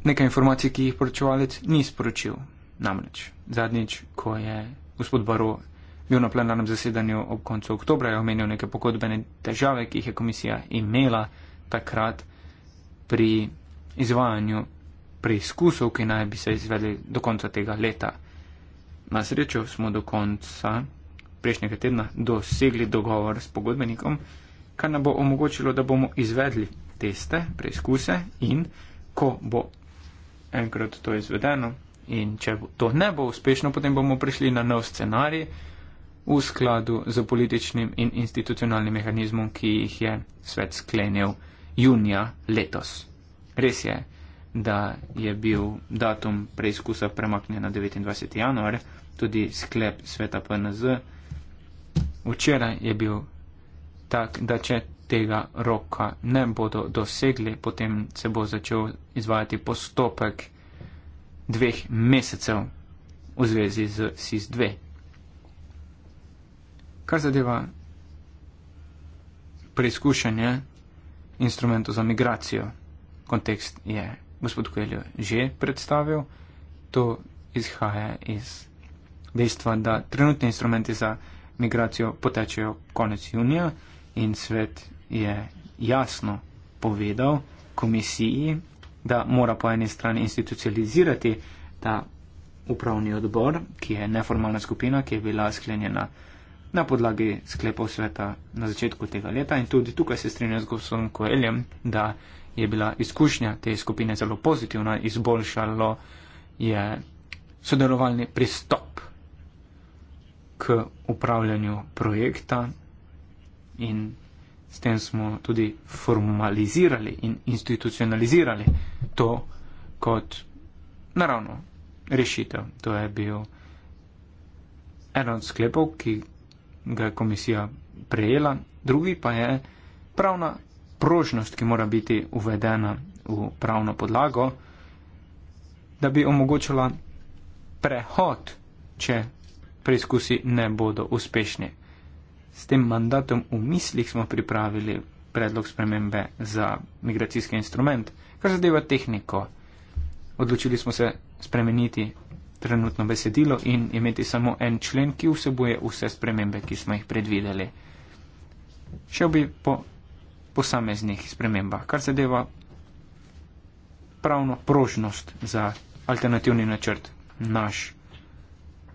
nekaj informacij, ki jih poročevalec ni sporočil. Namreč zadnjič, ko je gospod Baro bil na plenarnem zasedanju ob koncu oktobra, je omenil neke pogodbene težave, ki jih je komisija imela takrat pri izvajanju preizkusov, ki naj bi se izvedli do konca tega leta. Na srečo smo do konca prejšnjega tedna dosegli dogovor s pogodbenikom, kar nam bo omogočilo, da bomo izvedli teste, preizkuse in ko bo enkrat to izvedeno in če to ne bo uspešno, potem bomo prišli na nov scenarij v skladu z političnim in institucionalnim mehanizmom, ki jih je svet sklenil junija letos. Res je, da je bil datum preizkusa premaknjen na 29. januar, tudi sklep sveta PNZ. Včeraj je bil tak, da če tega roka ne bodo dosegli, potem se bo začel izvajati postopek dveh mesecev v zvezi z SIS-2. Kar zadeva preizkušanje instrumentov za migracijo, kontekst je gospod Kojeljo že predstavil, to izhaja iz dejstva, da trenutni instrumenti za migracijo potečejo konec junija in svet je jasno povedal komisiji, da mora po eni strani institucionalizirati ta upravni odbor, ki je neformalna skupina, ki je bila sklenjena na podlagi sklepov sveta na začetku tega leta in tudi tukaj se strinjam z gospodom Koeljem, da je bila izkušnja te skupine zelo pozitivna, izboljšalo je sodelovalni pristop k upravljanju projekta in S tem smo tudi formalizirali in institucionalizirali to kot naravno rešitev. To je bil en od sklepov, ki ga je komisija prejela, drugi pa je pravna prožnost, ki mora biti uvedena v pravno podlago, da bi omogočila prehod, če preizkusi ne bodo uspešni. S tem mandatom v mislih smo pripravili predlog spremembe za migracijski instrument, kar zadeva tehniko. Odločili smo se spremeniti trenutno besedilo in imeti samo en člen, ki vsebuje vse spremembe, ki smo jih predvideli. Šel bi po posameznih spremembah, kar zadeva pravno prožnost za alternativni načrt. Naš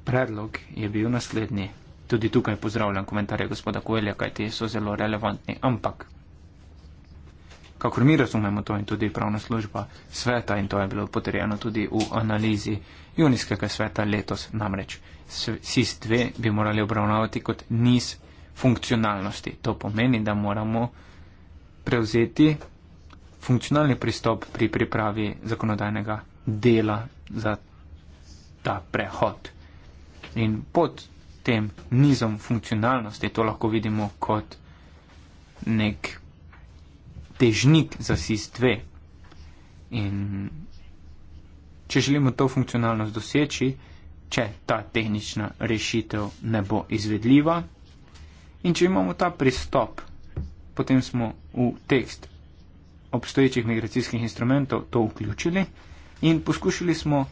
predlog je bil naslednji. Tudi tukaj pozdravljam komentarje gospoda Koelja, kaj te so zelo relevantni. Ampak, kakor mi razumemo to in tudi pravna služba sveta in to je bilo potrjeno tudi v analizi junijskega sveta letos, namreč SIS-2 bi morali obravnavati kot niz funkcionalnosti. To pomeni, da moramo prevzeti funkcionalni pristop pri pripravi zakonodajnega dela za ta prehod. In pod tem nizom funkcionalnosti, to lahko vidimo kot nek težnik za SIS-2. In če želimo to funkcionalnost doseči, če ta tehnična rešitev ne bo izvedljiva in če imamo ta pristop, potem smo v tekst obstoječih migracijskih instrumentov to vključili in poskušali smo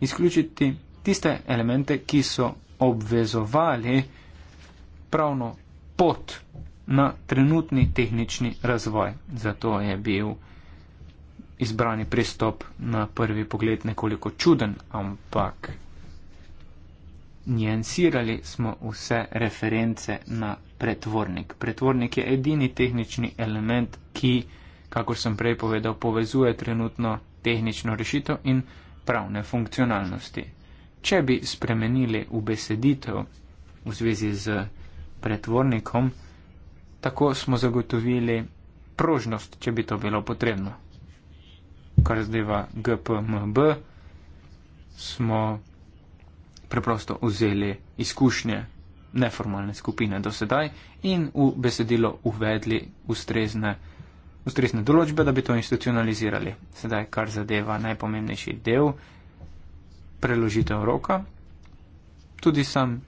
izključiti tiste elemente, ki so obvezovali pravno pot na trenutni tehnični razvoj. Zato je bil izbrani pristop na prvi pogled nekoliko čuden, ampak njensirali smo vse reference na pretvornik. Pretvornik je edini tehnični element, ki, kako sem prej povedal, povezuje trenutno tehnično rešitev in pravne funkcionalnosti če bi spremenili ubeseditev v zvezi z pretvornikom, tako smo zagotovili prožnost, če bi to bilo potrebno. Kar zdajva GPMB, smo preprosto vzeli izkušnje neformalne skupine do sedaj in v besedilo uvedli ustrezne, ustrezne določbe, da bi to institucionalizirali. Sedaj, kar zadeva najpomembnejši del, preložitev roka. Tudi sam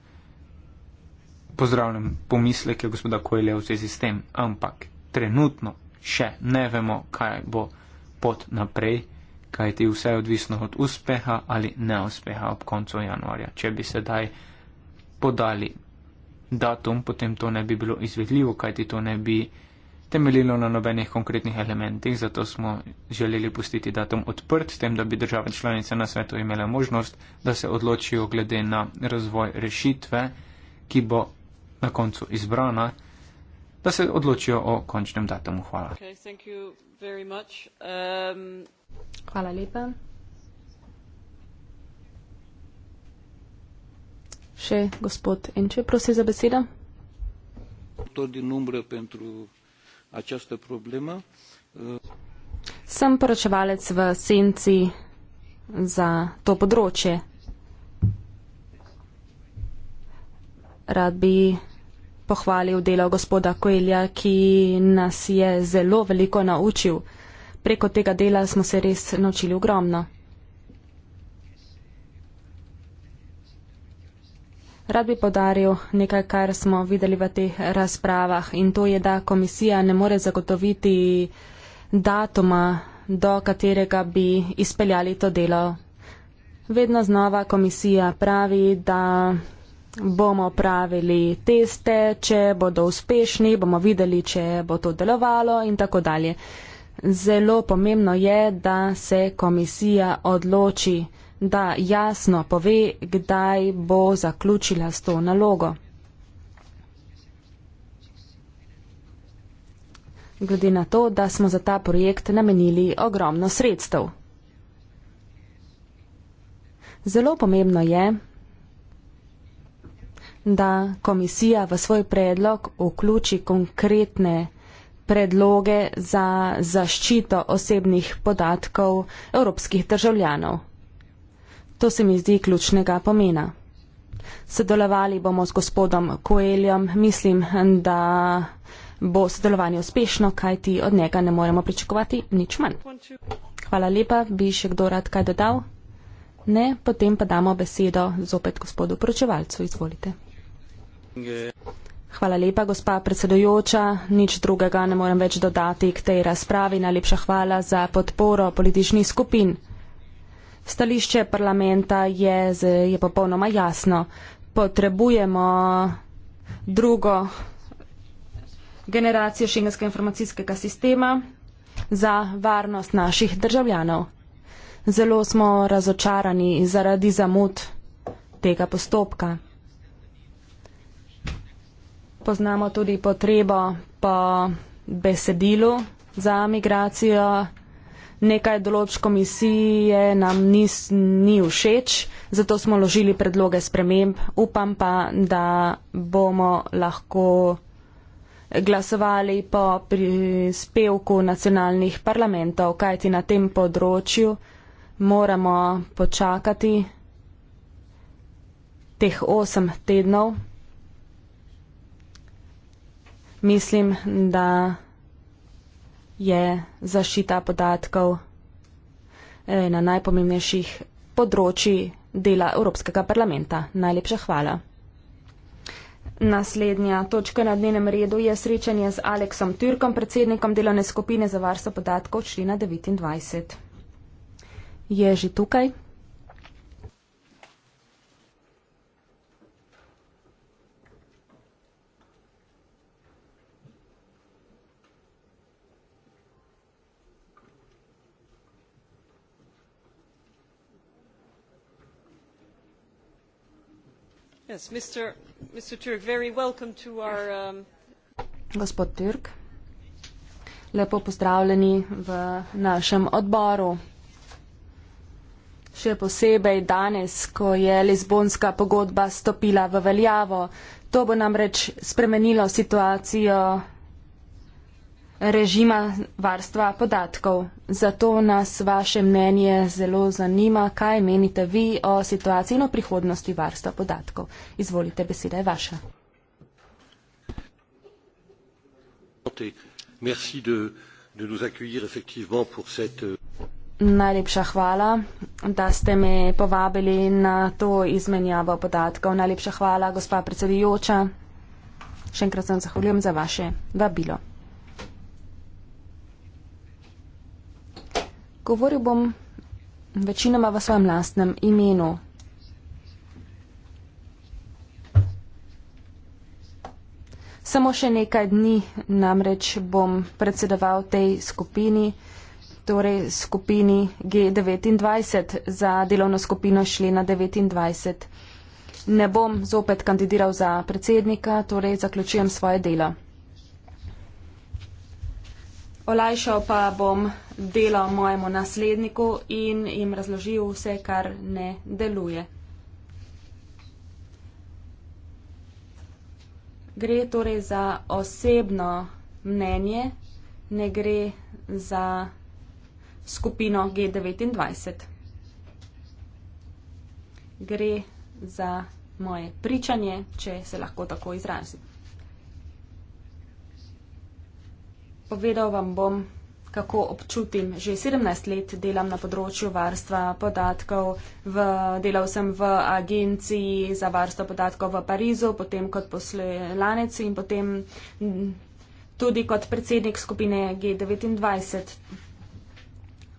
pozdravljam pomisleke gospoda Kojle v zvezi s tem, ampak trenutno še ne vemo, kaj bo pot naprej, kaj ti vse je odvisno od uspeha ali neuspeha ob koncu januarja. Če bi sedaj podali datum, potem to ne bi bilo izvedljivo, kaj ti to ne bi temeljilo na nobenih konkretnih elementih, zato smo želeli pustiti datum odprt, s tem, da bi države članice na svetu imele možnost, da se odločijo glede na razvoj rešitve, ki bo na koncu izbrana, da se odločijo o končnem datumu. Hvala. Okay, um... Hvala lepa. Še gospod Enče, prosim za besedo. Tudi numre pentru această problemă. Sunt părăcevaleț vă senții za to področje. Rad bi pohvalil delo gospoda Koelja, ki nas je zelo veliko naučil. Preko tega dela smo se res naučili ogromno. Rad bi podaril nekaj, kar smo videli v teh razpravah in to je, da komisija ne more zagotoviti datuma, do katerega bi izpeljali to delo. Vedno znova komisija pravi, da bomo pravili teste, če bodo uspešni, bomo videli, če bo to delovalo in tako dalje. Zelo pomembno je, da se komisija odloči, da jasno pove, kdaj bo zaključila s to nalogo. Glede na to, da smo za ta projekt namenili ogromno sredstev. Zelo pomembno je, da komisija v svoj predlog vključi konkretne predloge za zaščito osebnih podatkov evropskih državljanov. To se mi zdi ključnega pomena. Sodelovali bomo z gospodom Koeljem, mislim, da bo sodelovanje uspešno, kajti od njega ne moremo pričakovati nič manj. Hvala lepa, bi še kdo rad kaj dodal? Ne, potem pa damo besedo zopet gospodu poročevalcu, izvolite. Hvala lepa, gospa predsedujoča. Nič drugega ne morem več dodati k tej razpravi. Najlepša hvala za podporo političnih skupin. Stališče parlamenta je, je popolnoma jasno. Potrebujemo drugo generacijo šengenskega informacijskega sistema za varnost naših državljanov. Zelo smo razočarani zaradi zamud tega postopka. Poznamo tudi potrebo po besedilu za migracijo nekaj določb komisije nam nis, ni všeč, zato smo ložili predloge sprememb. Upam pa, da bomo lahko glasovali po prispevku nacionalnih parlamentov, kajti na tem področju moramo počakati teh osem tednov. Mislim, da je zaščita podatkov ena eh, najpomembnejših področji dela Evropskega parlamenta. Najlepša hvala. Naslednja točka na dnevnem redu je srečanje z Aleksom Türkom, predsednikom delovne skupine za varstvo podatkov člena 29. Je že tukaj? Um, Gospod Türk, lepo pozdravljeni v našem odboru. Še posebej danes, ko je Lizbonska pogodba stopila v veljavo. To bo namreč spremenilo situacijo režima varstva podatkov. Zato nas vaše mnenje zelo zanima, kaj menite vi o situaciji in o prihodnosti varstva podatkov. Izvolite, beseda je vaša. Najlepša hvala, da ste me povabili na to izmenjavo podatkov. Najlepša hvala, gospa predsedujoča. Še enkrat se vam zahvaljujem za vaše vabilo. Govoril bom večinoma v svojem lastnem imenu. Samo še nekaj dni namreč bom predsedoval tej skupini, torej skupini G29 za delovno skupino Šlina 29. Ne bom zopet kandidiral za predsednika, torej zaključujem svoje delo olajšal pa bom delo mojemu nasledniku in jim razložil vse, kar ne deluje. Gre torej za osebno mnenje, ne gre za skupino G29. Gre za moje pričanje, če se lahko tako izrazim. Povedal vam bom, kako občutim. Že 17 let delam na področju varstva podatkov. V, delal sem v agenciji za varstvo podatkov v Parizu, potem kot poslanec in potem tudi kot predsednik skupine G29.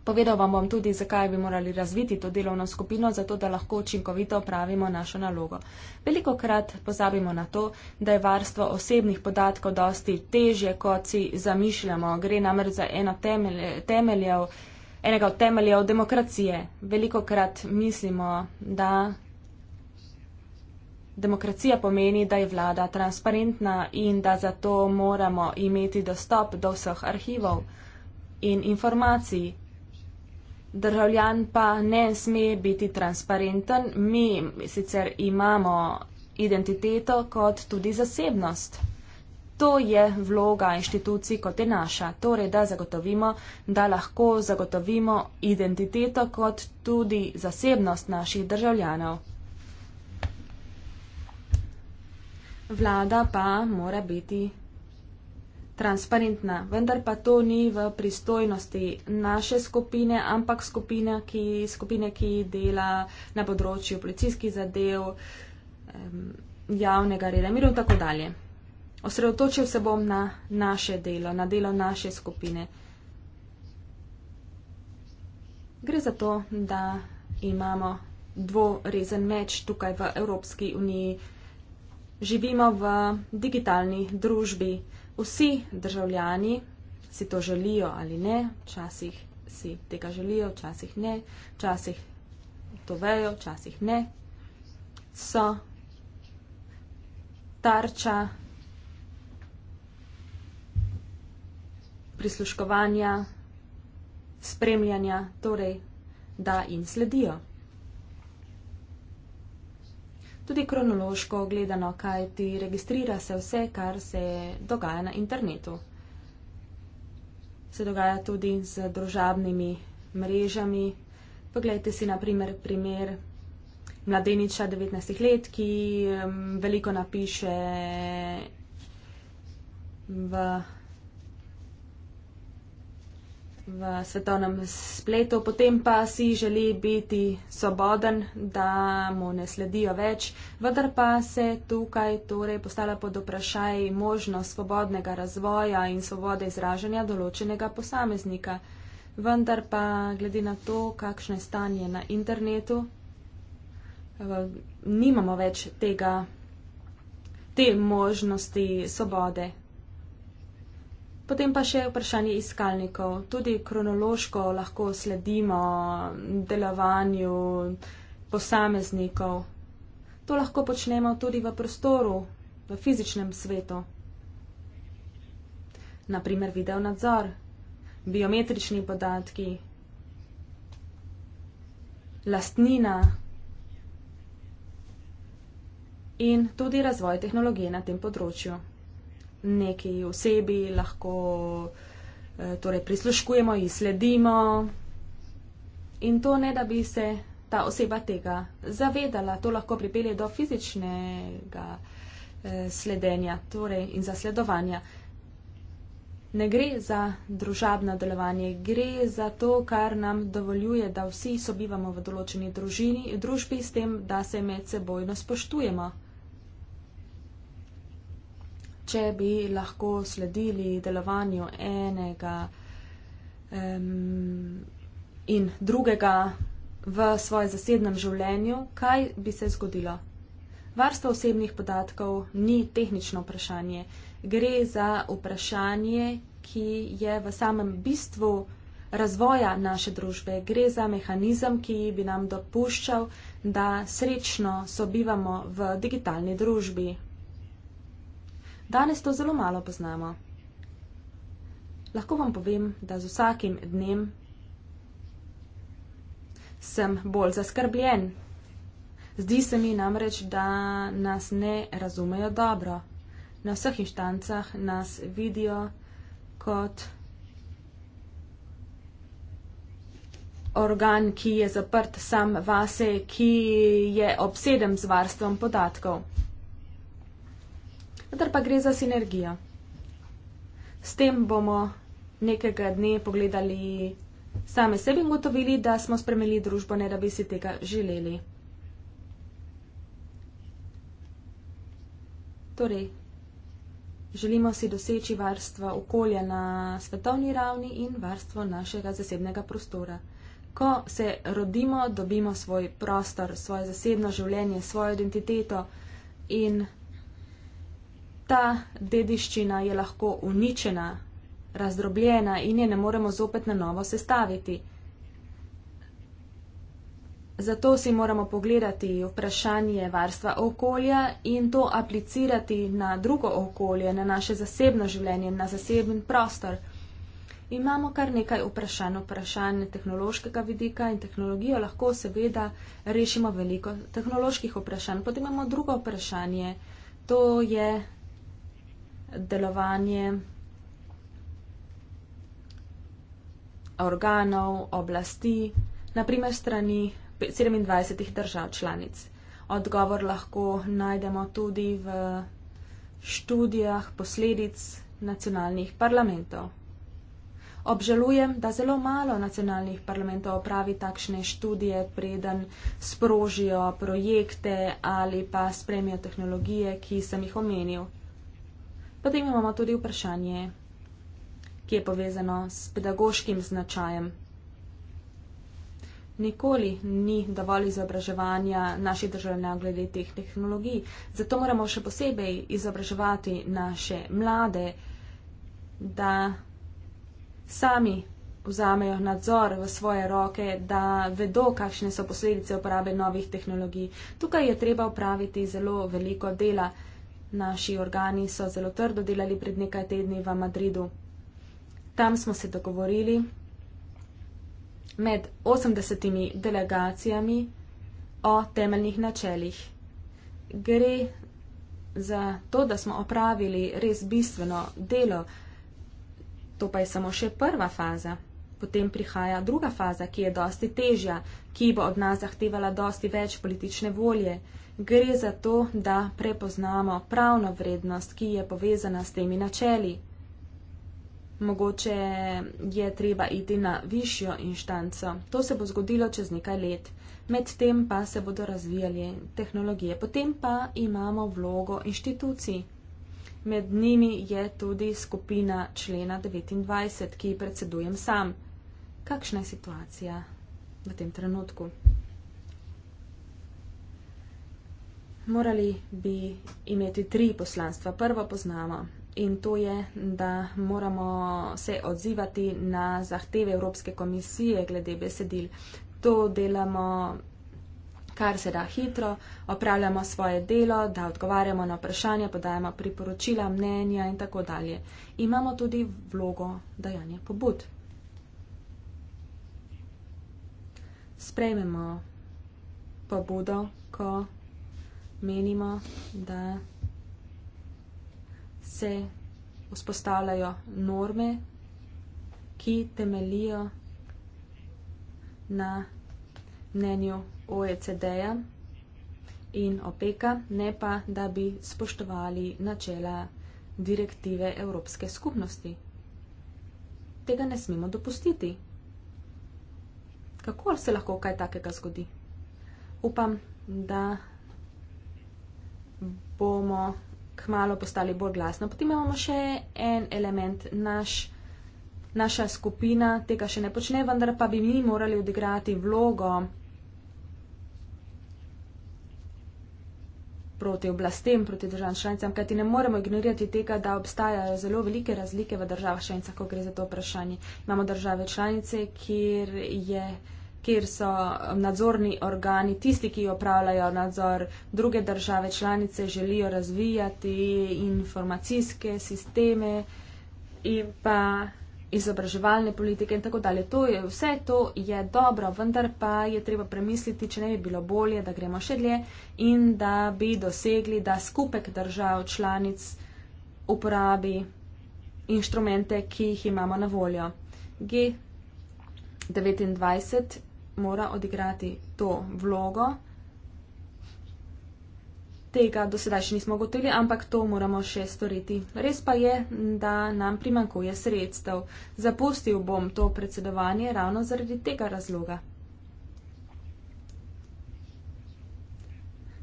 Povedal vam bom tudi, zakaj bi morali razviti to delovno skupino, zato da lahko učinkovito upravimo našo nalogo. Veliko krat pozabimo na to, da je varstvo osebnih podatkov dosti težje, kot si zamišljamo. Gre namreč za eno temelje, temeljev, enega od temeljev demokracije. Veliko krat mislimo, da. Demokracija pomeni, da je vlada transparentna in da zato moramo imeti dostop do vseh arhivov in informacij, državljan pa ne sme biti transparenten, mi sicer imamo identiteto kot tudi zasebnost. To je vloga inštitucij kot je naša, torej da zagotovimo, da lahko zagotovimo identiteto kot tudi zasebnost naših državljanov. Vlada pa mora biti transparentna. Vendar pa to ni v pristojnosti naše skupine, ampak skupine, ki, skupine, ki dela na področju policijskih zadev, javnega reda, miru in tako dalje. Osredotočil se bom na naše delo, na delo naše skupine. Gre za to, da imamo dvorezen meč tukaj v Evropski uniji. Živimo v digitalni družbi vsi državljani si to želijo ali ne, včasih si tega želijo, včasih ne, včasih to vejo, včasih ne, so tarča prisluškovanja, spremljanja, torej da in sledijo tudi kronološko gledano, kaj ti registrira se vse, kar se dogaja na internetu. Se dogaja tudi z družabnimi mrežami. Poglejte si na primer primer mladeniča 19 let, ki veliko napiše v v svetovnem spletu, potem pa si želi biti svoboden, da mu ne sledijo več, vendar pa se tukaj torej postala pod vprašaj možnost svobodnega razvoja in svobode izražanja določenega posameznika. Vendar pa glede na to, kakšno je stanje na internetu, nimamo več tega, te možnosti svobode. Potem pa še vprašanje iskalnikov. Tudi kronološko lahko sledimo delovanju posameznikov. To lahko počnemo tudi v prostoru, v fizičnem svetu. Naprimer video nadzor, biometrični podatki, lastnina in tudi razvoj tehnologije na tem področju neki osebi lahko eh, torej, prisluškujemo in sledimo. In to ne, da bi se ta oseba tega zavedala, to lahko pripelje do fizičnega eh, sledenja torej, in zasledovanja. Ne gre za družabno delovanje, gre za to, kar nam dovoljuje, da vsi sobivamo v določeni družini, družbi s tem, da se med sebojno spoštujemo če bi lahko sledili delovanju enega um, in drugega v svojem zasebnem življenju, kaj bi se zgodilo? Varstvo osebnih podatkov ni tehnično vprašanje. Gre za vprašanje, ki je v samem bistvu razvoja naše družbe. Gre za mehanizem, ki bi nam dopuščal, da srečno sobivamo v digitalni družbi. Danes to zelo malo poznamo. Lahko vam povem, da z vsakim dnem sem bolj zaskrbljen. Zdi se mi namreč, da nas ne razumejo dobro. Na vseh inštancah nas vidijo kot organ, ki je zaprt sam vase, ki je obseden z varstvom podatkov vendar pa gre za sinergijo. S tem bomo nekega dne pogledali same sebi in gotovili, da smo spremenili družbo, ne da bi si tega želeli. Torej, želimo si doseči varstvo okolja na svetovni ravni in varstvo našega zasebnega prostora. Ko se rodimo, dobimo svoj prostor, svoje zasebno življenje, svojo identiteto in ta dediščina je lahko uničena, razdrobljena in je ne moremo zopet na novo sestaviti. Zato si moramo pogledati vprašanje varstva okolja in to aplicirati na drugo okolje, na naše zasebno življenje, na zaseben prostor. Imamo kar nekaj vprašanj, vprašanj tehnološkega vidika in tehnologijo lahko seveda rešimo veliko tehnoloških vprašanj. Potem imamo drugo vprašanje, to je delovanje organov, oblasti, naprimer strani 27 držav članic. Odgovor lahko najdemo tudi v študijah posledic nacionalnih parlamentov. Obžalujem, da zelo malo nacionalnih parlamentov opravi takšne študije, preden sprožijo projekte ali pa spremijo tehnologije, ki sem jih omenil. Potem imamo tudi vprašanje, ki je povezano s pedagoškim značajem. Nikoli ni dovolj izobraževanja naših državljanov glede teh tehnologij, zato moramo še posebej izobraževati naše mlade, da sami vzamejo nadzor v svoje roke, da vedo, kakšne so posledice uporabe novih tehnologij. Tukaj je treba upraviti zelo veliko dela naši organi so zelo trdo delali pred nekaj tedni v Madridu. Tam smo se dogovorili med 80 delegacijami o temeljnih načelih. Gre za to, da smo opravili res bistveno delo, to pa je samo še prva faza potem prihaja druga faza, ki je dosti težja, ki bo od nas zahtevala dosti več politične volje. Gre za to, da prepoznamo pravno vrednost, ki je povezana s temi načeli. Mogoče je treba iti na višjo inštanco. To se bo zgodilo čez nekaj let. Medtem pa se bodo razvijali tehnologije. Potem pa imamo vlogo inštitucij. Med njimi je tudi skupina člena 29, ki predsedujem sam. Kakšna je situacija v tem trenutku? Morali bi imeti tri poslanstva. Prvo poznamo in to je, da moramo se odzivati na zahteve Evropske komisije glede besedil. To delamo kar se da hitro, opravljamo svoje delo, da odgovarjamo na vprašanja, podajamo priporočila, mnenja in tako dalje. Imamo tudi vlogo dajanja pobud. sprejmemo, pa bodo, ko menimo, da se vzpostavljajo norme, ki temelijo na mnenju OECD-ja in OPEK-a, ne pa, da bi spoštovali načela direktive Evropske skupnosti. Tega ne smemo dopustiti kako se lahko kaj takega zgodi. Upam, da bomo kmalo postali bolj glasni. Potem imamo še en element, naš, naša skupina tega še ne počne, vendar pa bi mi morali odigrati vlogo proti oblastem, proti državam članicam, kajti ne moremo ignorirati tega, da obstajajo zelo velike razlike v državah članicah, ko gre za to vprašanje. Imamo države članice, kjer, je, kjer so nadzorni organi tisti, ki opravljajo nadzor. Druge države članice želijo razvijati informacijske sisteme in pa izobraževalne politike in tako dalje. To je, vse to je dobro, vendar pa je treba premisliti, če ne bi bilo bolje, da gremo še dlje in da bi dosegli, da skupek držav članic uporabi inštrumente, ki jih imamo na voljo. G29 mora odigrati to vlogo. Tega do sedaj še nismo gotovili, ampak to moramo še storiti. Res pa je, da nam primankuje sredstev. Zapustil bom to predsedovanje ravno zaradi tega razloga.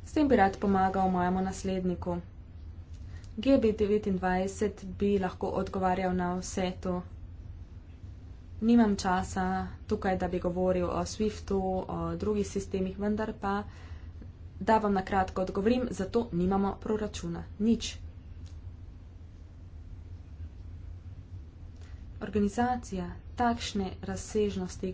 S tem bi rad pomagal mojemu nasledniku. GB29 bi lahko odgovarjal na vse to. Nimam časa tukaj, da bi govoril o Swiftu, o drugih sistemih, vendar pa da vam na kratko odgovorim, zato nimamo proračuna. Nič. Organizacija takšne razsežnosti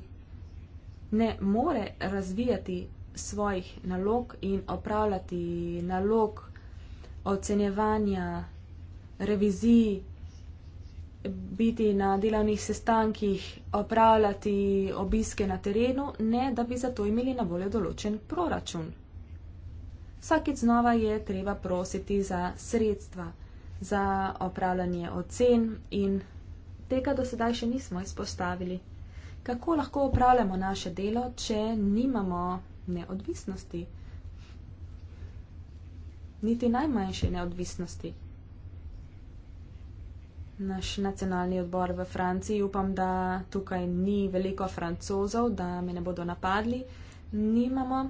ne more razvijati svojih nalog in opravljati nalog ocenjevanja, revizij, biti na delovnih sestankih, opravljati obiske na terenu, ne da bi zato imeli na voljo določen proračun vsakeč znova je treba prositi za sredstva, za opravljanje ocen in tega do sedaj še nismo izpostavili. Kako lahko opravljamo naše delo, če nimamo neodvisnosti? Niti najmanjše neodvisnosti. Naš nacionalni odbor v Franciji, upam, da tukaj ni veliko francozov, da me ne bodo napadli, nimamo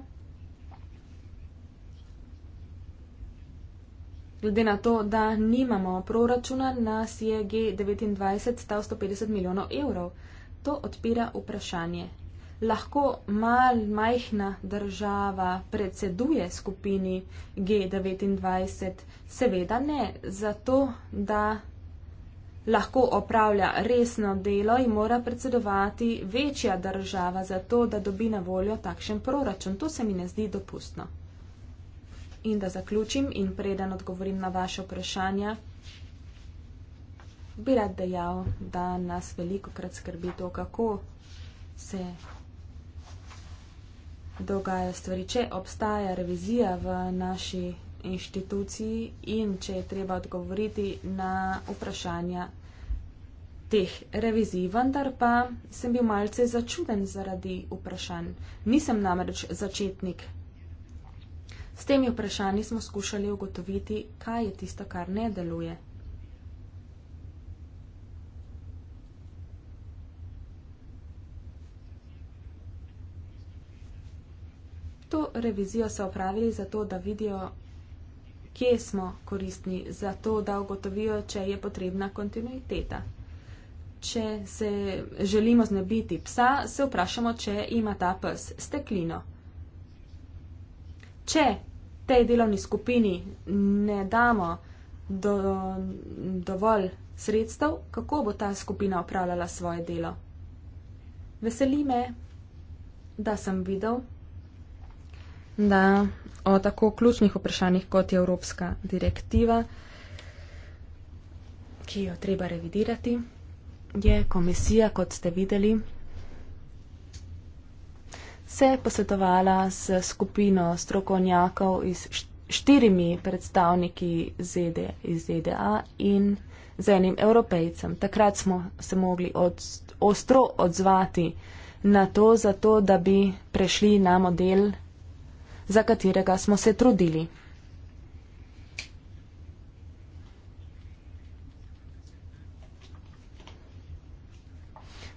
Glede na to, da nimamo proračuna, nas je G29 stal 150 milijonov evrov. To odpira vprašanje. Lahko mal majhna država predseduje skupini G29? Seveda ne, zato da lahko opravlja resno delo in mora predsedovati večja država, zato da dobi na voljo takšen proračun. To se mi ne zdi dopustno in da zaključim in preden odgovorim na vaše vprašanja, bi rad dejal, da nas veliko krat skrbi to, kako se dogajajo stvari, če obstaja revizija v naši inštituciji in če je treba odgovoriti na vprašanja teh revizij. Vendar pa sem bil malce začuden zaradi vprašanj. Nisem namreč začetnik S temi vprašanji smo skušali ugotoviti, kaj je tisto, kar ne deluje. To revizijo so opravili zato, da vidijo, kje smo koristni, zato, da ugotovijo, če je potrebna kontinuiteta. Če se želimo znebiti psa, se vprašamo, če ima ta pes steklino če tej delovni skupini ne damo do, dovolj sredstev, kako bo ta skupina upravljala svoje delo. Veseli me, da sem videl, da o tako ključnih vprašanjih kot je Evropska direktiva, ki jo treba revidirati, je komisija, kot ste videli, se je posvetovala s skupino strokovnjakov iz štirimi predstavniki ZD, iz ZDA in z enim evropejcem. Takrat smo se mogli od, ostro odzvati na to, zato da bi prešli na model, za katerega smo se trudili.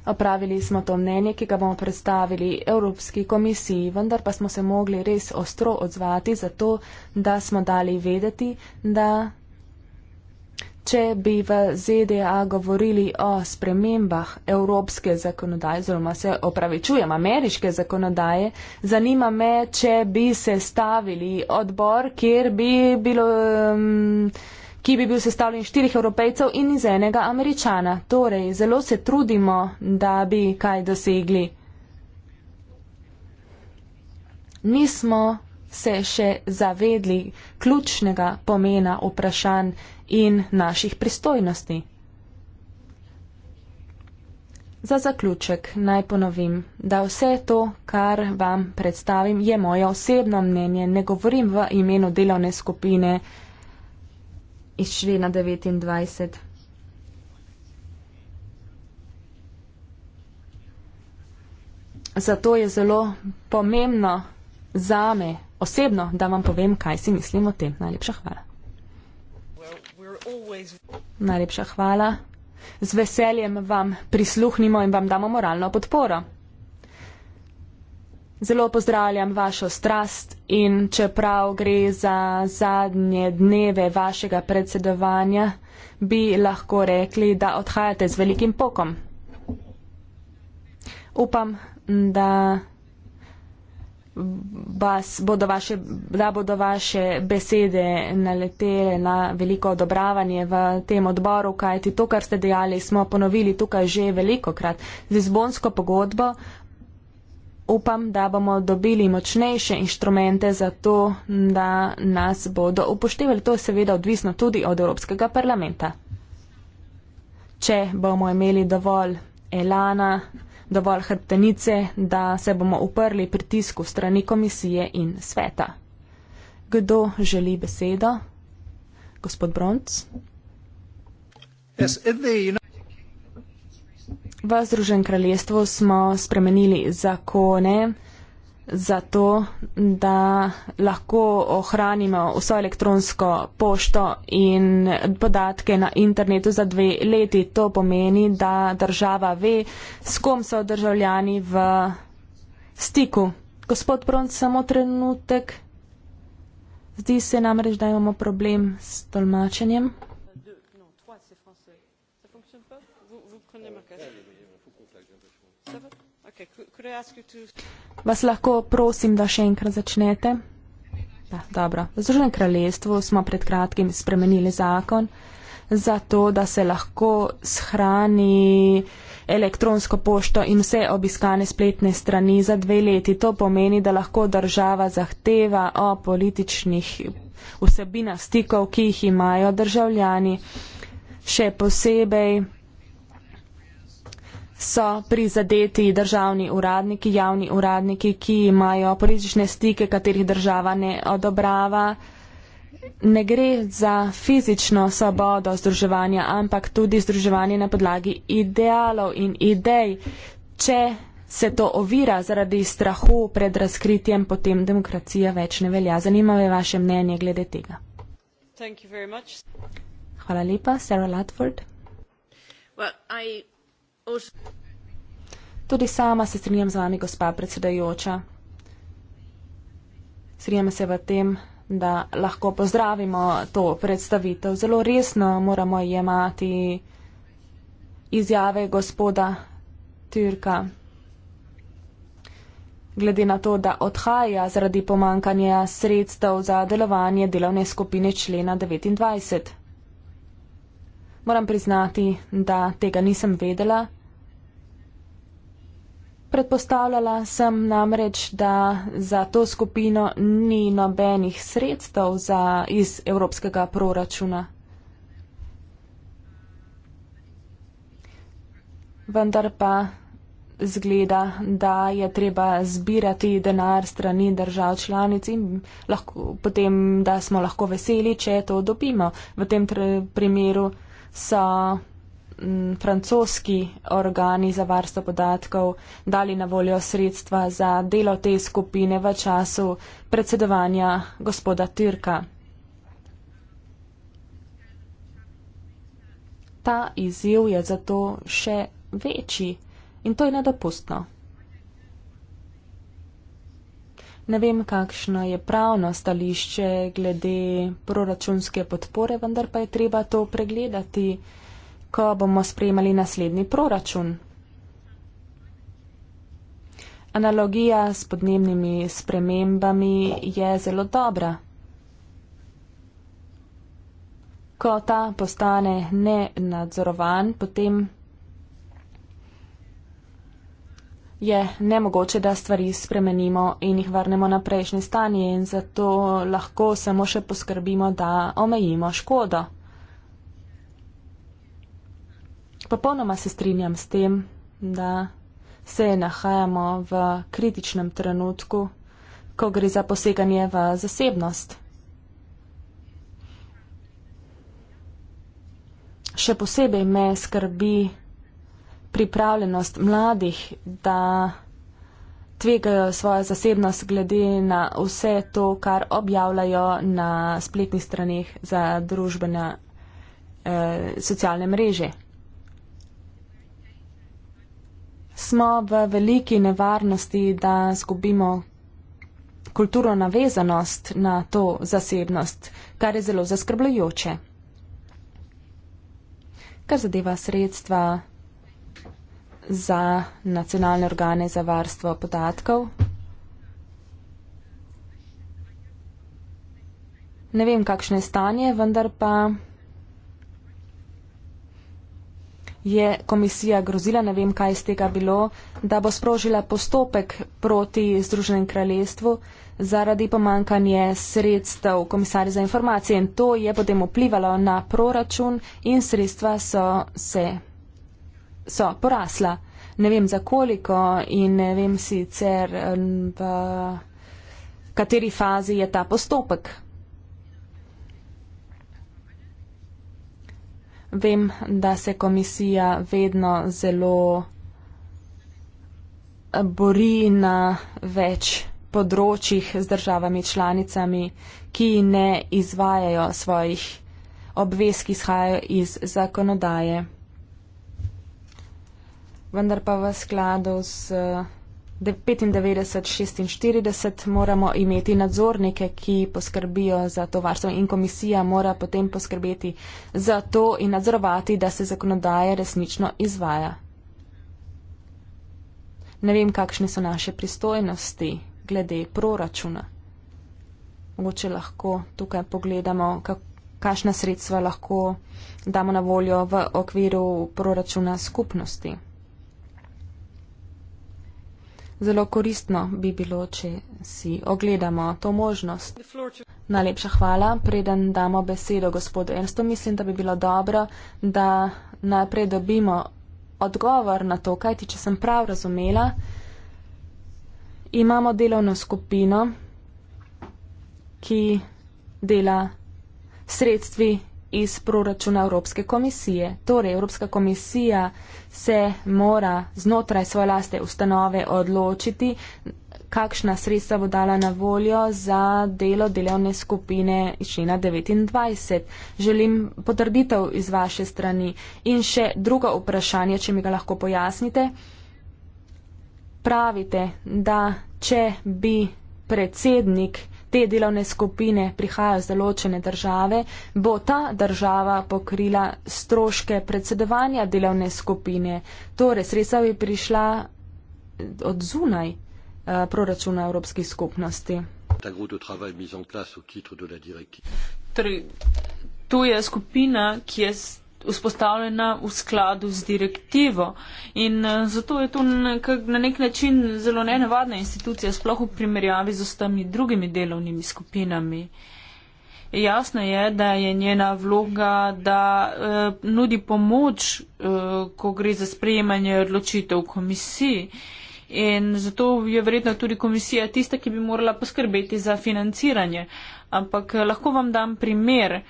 Opravili smo to mnenje, ki ga bomo predstavili Evropski komisiji, vendar pa smo se mogli res ostro odzvati, zato da smo dali vedeti, da če bi v ZDA govorili o spremembah evropske zakonodaje, oziroma se opravičujem, ameriške zakonodaje, zanima me, če bi se stavili odbor, kjer bi bilo. Um, ki bi bil sestavljen štirih evropejcev in iz enega američana. Torej, zelo se trudimo, da bi kaj dosegli. Nismo se še zavedli ključnega pomena vprašanj in naših pristojnosti. Za zaključek naj ponovim, da vse to, kar vam predstavim, je moje osebno mnenje. Ne govorim v imenu delovne skupine izšli na 29. Zato je zelo pomembno za me osebno, da vam povem, kaj si mislim o tem. Najlepša hvala. Najlepša hvala. Z veseljem vam prisluhnimo in vam damo moralno podporo. Zelo pozdravljam vašo strast in čeprav gre za zadnje dneve vašega predsedovanja, bi lahko rekli, da odhajate z velikim pokom. Upam, da, vas, bodo vaše, da bodo vaše besede naletele na veliko odobravanje v tem odboru, kajti to, kar ste dejali, smo ponovili tukaj že veliko krat. Z izbonsko pogodbo upam, da bomo dobili močnejše inštrumente za to, da nas bodo upoštevali. To je seveda odvisno tudi od Evropskega parlamenta. Če bomo imeli dovolj elana, dovolj hrbtenice, da se bomo uprli pritisku strani komisije in sveta. Kdo želi besedo? Gospod Bronc? Yes, V Združenem kraljestvu smo spremenili zakone zato, da lahko ohranimo vso elektronsko pošto in podatke na internetu za dve leti. To pomeni, da država ve, s kom so državljani v stiku. Gospod Pront, samo trenutek. Zdi se namreč, da imamo problem s tolmačenjem. Vas lahko prosim, da še enkrat začnete? Da, ja, dobro. V Združenem kraljestvu smo pred kratkim spremenili zakon za to, da se lahko shrani elektronsko pošto in vse obiskane spletne strani za dve leti. To pomeni, da lahko država zahteva o političnih vsebinah stikov, ki jih imajo državljani. Še posebej so prizadeti državni uradniki, javni uradniki, ki imajo politične stike, katerih država ne odobrava. Ne gre za fizično svobodo združevanja, ampak tudi združevanje na podlagi idealov in idej. Če se to ovira zaradi strahu pred razkritjem, potem demokracija več ne velja. Zanima me vaše mnenje glede tega. Hvala lepa, Sarah Latford. Well, also... Tudi sama se strinjam z vami, gospa predsedajoča. Strinjam se v tem, da lahko pozdravimo to predstavitev. Zelo resno moramo jemati izjave gospoda Tyrka. Glede na to, da odhaja zaradi pomankanja sredstev za delovanje delovne skupine člena 29. Moram priznati, da tega nisem vedela. Predpostavljala sem namreč, da za to skupino ni nobenih sredstev za, iz evropskega proračuna. Vendar pa zgleda, da je treba zbirati denar strani držav članic in lahko, potem, da smo lahko veseli, če to dobimo. V tem primeru so francoski organi za varstvo podatkov dali na voljo sredstva za delo te skupine v času predsedovanja gospoda Tirka. Ta izjiv je zato še večji in to je nedopustno. Ne vem, kakšno je pravno stališče glede proračunske podpore, vendar pa je treba to pregledati ko bomo sprejemali naslednji proračun. Analogija s podnebnimi spremembami je zelo dobra. Ko ta postane nenadzorovan, potem je nemogoče, da stvari spremenimo in jih vrnemo na prejšnje stanje in zato lahko samo še poskrbimo, da omejimo škodo. Popolnoma se strinjam s tem, da se nahajamo v kritičnem trenutku, ko gre za poseganje v zasebnost. Še posebej me skrbi pripravljenost mladih, da tvegajo svojo zasebnost glede na vse to, kar objavljajo na spletnih straneh za družbene eh, socialne mreže. smo v veliki nevarnosti, da zgubimo kulturo navezanost na to zasebnost, kar je zelo zaskrbljujoče. Kar zadeva sredstva za nacionalne organe za varstvo podatkov. Ne vem, kakšno je stanje, vendar pa. je komisija grozila, ne vem, kaj iz tega bilo, da bo sprožila postopek proti Združenem kraljestvu zaradi pomankanje sredstev komisarja za informacije in to je potem vplivalo na proračun in sredstva so se so porasla. Ne vem za koliko in ne vem sicer v kateri fazi je ta postopek. vem, da se komisija vedno zelo eh, bori na več področjih z državami članicami, ki ne izvajajo svojih obvez, ki izhajajo iz zakonodaje. Vendar pa v skladu s 95, 46 moramo imeti nadzornike, ki poskrbijo za to varstvo in komisija mora potem poskrbeti za to in nadzorovati, da se zakonodaje resnično izvaja. Ne vem, kakšne so naše pristojnosti glede proračuna. Mogoče lahko tukaj pogledamo, kakšna sredstva lahko damo na voljo v okviru proračuna skupnosti. Zelo koristno bi bilo, če si ogledamo to možnost. Najlepša hvala. Preden damo besedo gospodu Ernstu, mislim, da bi bilo dobro, da najprej dobimo odgovor na to, kajti če sem prav razumela, imamo delovno skupino, ki dela sredstvi iz proračuna Evropske komisije. Torej, Evropska komisija se mora znotraj svoje laste ustanove odločiti, kakšna sredstva bo dala na voljo za delo delovne skupine iz člena 29. Želim potrditev iz vaše strani. In še drugo vprašanje, če mi ga lahko pojasnite. Pravite, da če bi predsednik te delovne skupine prihajajo z določene države, bo ta država pokrila stroške predsedovanja delovne skupine. Torej, sredstva bi prišla od zunaj eh, proračuna Evropskih skupnosti. Torej, tu je skupina, ki je vzpostavljena v skladu z direktivo. In eh, zato je to na nek način zelo nenavadna institucija, sploh v primerjavi z ostami drugimi delovnimi skupinami. Jasno je, da je njena vloga, da eh, nudi pomoč, eh, ko gre za sprejemanje odločitev komisiji. In zato je verjetno tudi komisija tista, ki bi morala poskrbeti za financiranje. Ampak eh, lahko vam dam primer. Eh,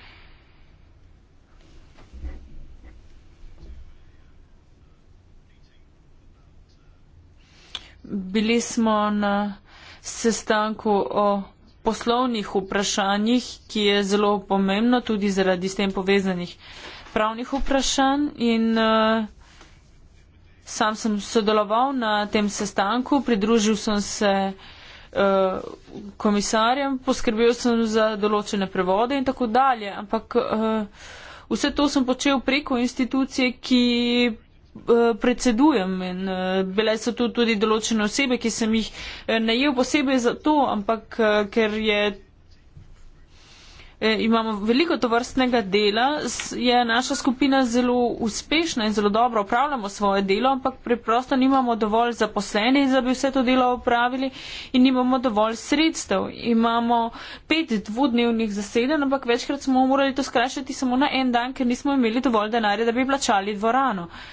bili smo na sestanku o poslovnih vprašanjih, ki je zelo pomembno tudi zaradi s tem povezanih pravnih vprašanj in uh, sam sem sodeloval na tem sestanku, pridružil sem se eh, komisarjem, poskrbel sem za določene prevode in tako dalje. Ampak eh, vse to sem počel preko institucije, ki Eh, predsedujem in eh, bile so tu tudi določene osebe, ki sem jih eh, najel posebej za to, ampak ker je. Imamo veliko tovrstnega dela, je naša skupina zelo uspešna in zelo dobro opravljamo svoje delo, ampak preprosto nimamo dovolj zaposlenih, da bi vse to delo opravili in nimamo dovolj sredstev. Imamo pet dvodnevnih zaseden, ampak večkrat smo morali to skrajšati samo na en dan, ker nismo imeli dovolj denarja, da bi plačali dvorano. Uh,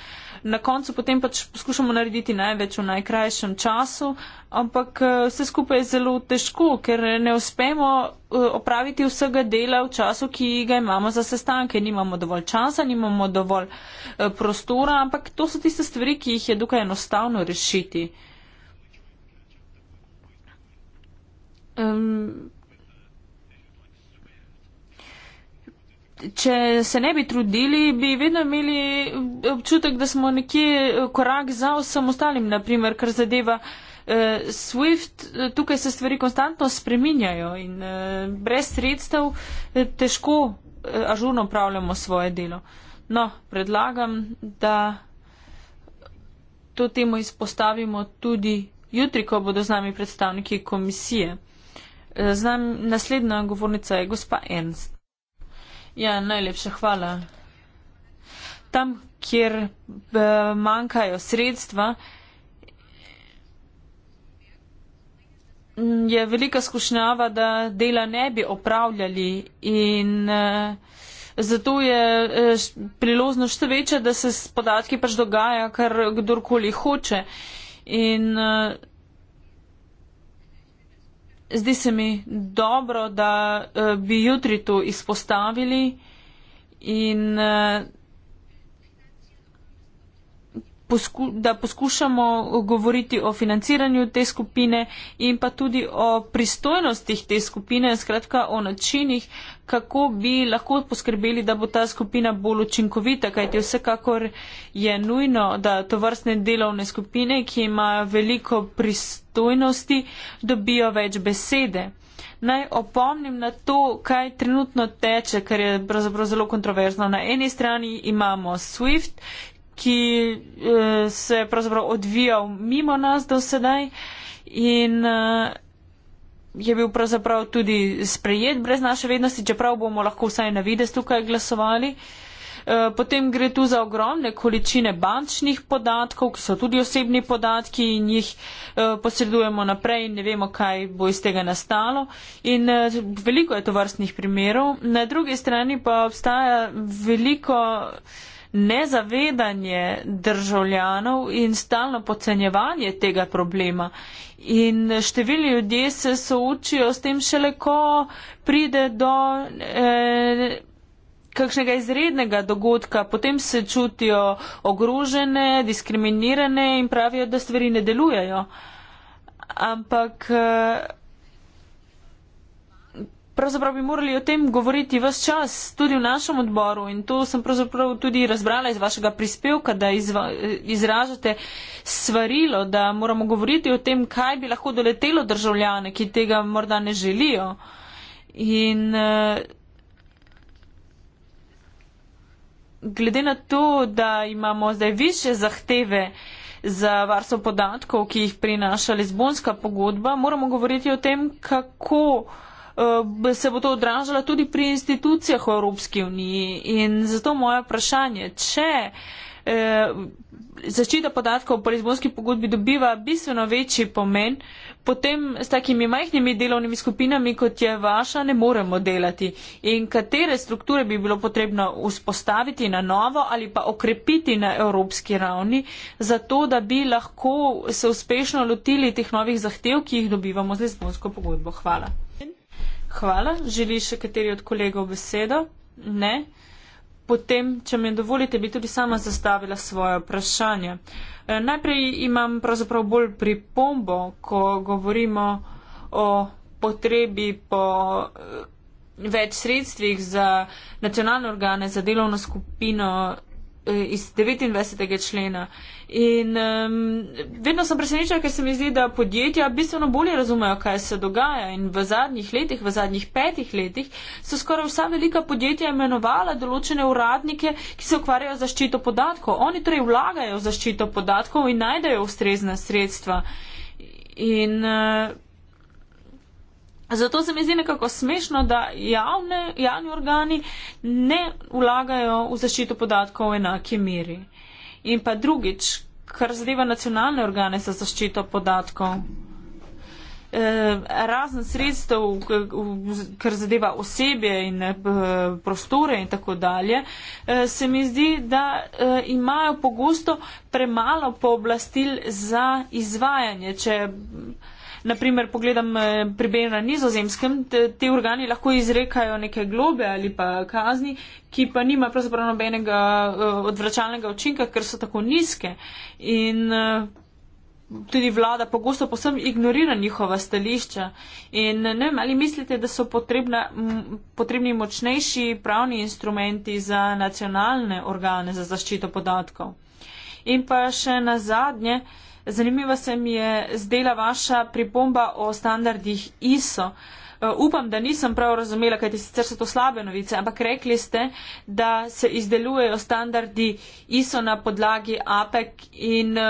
na koncu potem pač poskušamo narediti največ v najkrajšem času, ampak eh, vse skupaj je zelo težko, ker ne uspemo eh, opraviti vsega dela v času, ki ga imamo za sestanke. Nimamo dovolj časa, nimamo dovolj eh, prostora, ampak to so tiste stvari, ki jih je dokaj enostavno rešiti. Um, če se ne bi trudili, bi vedno imeli občutek, da smo nekje eh, korak za vsem ostalim, naprimer, kar zadeva eh, SWIFT, eh, tukaj se stvari konstantno spreminjajo in eh, brez sredstev eh, težko eh, ažurno upravljamo svoje delo. No, predlagam, da to temo izpostavimo tudi jutri, ko bodo z nami predstavniki komisije. Eh, znam, naslednja govornica je gospa Ernst. Ja, najlepša hvala. Tam, kjer uh, manjkajo sredstva, je velika skušnjava, da dela ne bi opravljali in uh, zato je uh, eh, priložno še večje, da se s podatki pač dogaja, kar kdorkoli hoče. In, uh, zdi se mi dobro, da eh, bi jutri to izpostavili in eh, da poskušamo govoriti o financiranju te skupine in pa tudi o pristojnostih te skupine, skratka o načinih, kako bi lahko poskrbeli, da bo ta skupina bolj učinkovita, kajti vsekakor je nujno, da to vrstne delovne skupine, ki imajo veliko pristojnosti, dobijo več besede. Naj opomnim na to, kaj trenutno teče, ker je pravzaprav zelo kontroverzno. Na eni strani imamo SWIFT, ki eh, se je pravzaprav odvijal mimo nas do sedaj in uh, je bil pravzaprav tudi sprejet brez naše vednosti, čeprav bomo lahko vsaj na vides tukaj glasovali. Eh, potem gre tu za ogromne količine bančnih podatkov, ki so tudi osebni podatki in jih eh, posredujemo naprej in ne vemo, kaj bo iz tega nastalo. In eh, veliko je to vrstnih primerov. Na drugi strani pa obstaja veliko nezavedanje državljanov in stalno pocenjevanje tega problema. In številni ljudje se soočijo s tem šele, ko pride do eh, kakšnega izrednega dogodka, potem se čutijo ogrožene, diskriminirane in pravijo, da stvari ne delujejo. Ampak. Eh, pravzaprav bi morali o tem govoriti vse čas, tudi v našem odboru. In to sem pravzaprav tudi razbrala iz vašega prispevka, da izva, izražate svarilo, da moramo govoriti o tem, kaj bi lahko doletelo državljane, ki tega morda ne želijo. In eh, glede na to, da imamo zdaj više zahteve za varstvo podatkov, ki jih prinaša Lizbonska pogodba, moramo govoriti o tem, kako Eh, se bo to odražalo tudi pri institucijah v Evropski uniji. In zato moje vprašanje, če eh, zaščita podatkov v polizbonski pogodbi dobiva bistveno večji pomen, potem s takimi majhnimi delovnimi skupinami, kot je vaša, ne moremo delati. In katere strukture bi bilo potrebno vzpostaviti na novo ali pa okrepiti na evropski ravni, zato da bi lahko se uspešno lotili teh novih zahtev, ki jih dobivamo z lizbonsko pogodbo. Hvala. In? Hvala. Želi še kateri od kolegov besedo? Ne. Potem, če mi dovolite, bi tudi sama zastavila svoje vprašanje. E, najprej imam pravzaprav bolj pripombo, ko govorimo o potrebi po e, več sredstvih za nacionalne organe, za delovno skupino Eh, iz 29. člena. In um, vedno sem presenečena, ker se mi zdi, da podjetja bistveno bolje razumejo, kaj se dogaja. In v zadnjih letih, v zadnjih petih letih, so skoraj vsa velika podjetja imenovala določene uradnike, ki se ukvarjajo z zaščito podatkov. Oni torej vlagajo v zaščito podatkov in najdejo ustrezna sredstva. In uh, Zato se mi zdi nekako smešno, da javne, javni organi ne vlagajo v zaščito podatkov v enaki meri. In pa drugič, kar zadeva nacionalne organe za zaščito podatkov, eh, razen sredstev, kar zadeva osebje in eh, prostore in tako dalje, eh, se mi zdi, da eh, imajo pogosto premalo pooblastil za izvajanje. Če, naprimer pogledam eh, primer na nizozemskem, te, te organi lahko izrekajo neke globe ali pa kazni, ki pa nima pravzaprav nobenega eh, odvračalnega učinka, ker so tako nizke. In eh, tudi vlada pogosto posem ignorira njihova stališča. In ne vem, ali mislite, da so potrebna, potrebni močnejši pravni instrumenti za nacionalne organe za zaščito podatkov. In pa še na zadnje, uh, Zanimiva se mi je zdela vaša pripomba o standardih ISO. E, upam, da nisem prav razumela, kajti sicer so to slabe novice, ampak rekli ste, da se izdelujejo standardi ISO na podlagi APEC in e,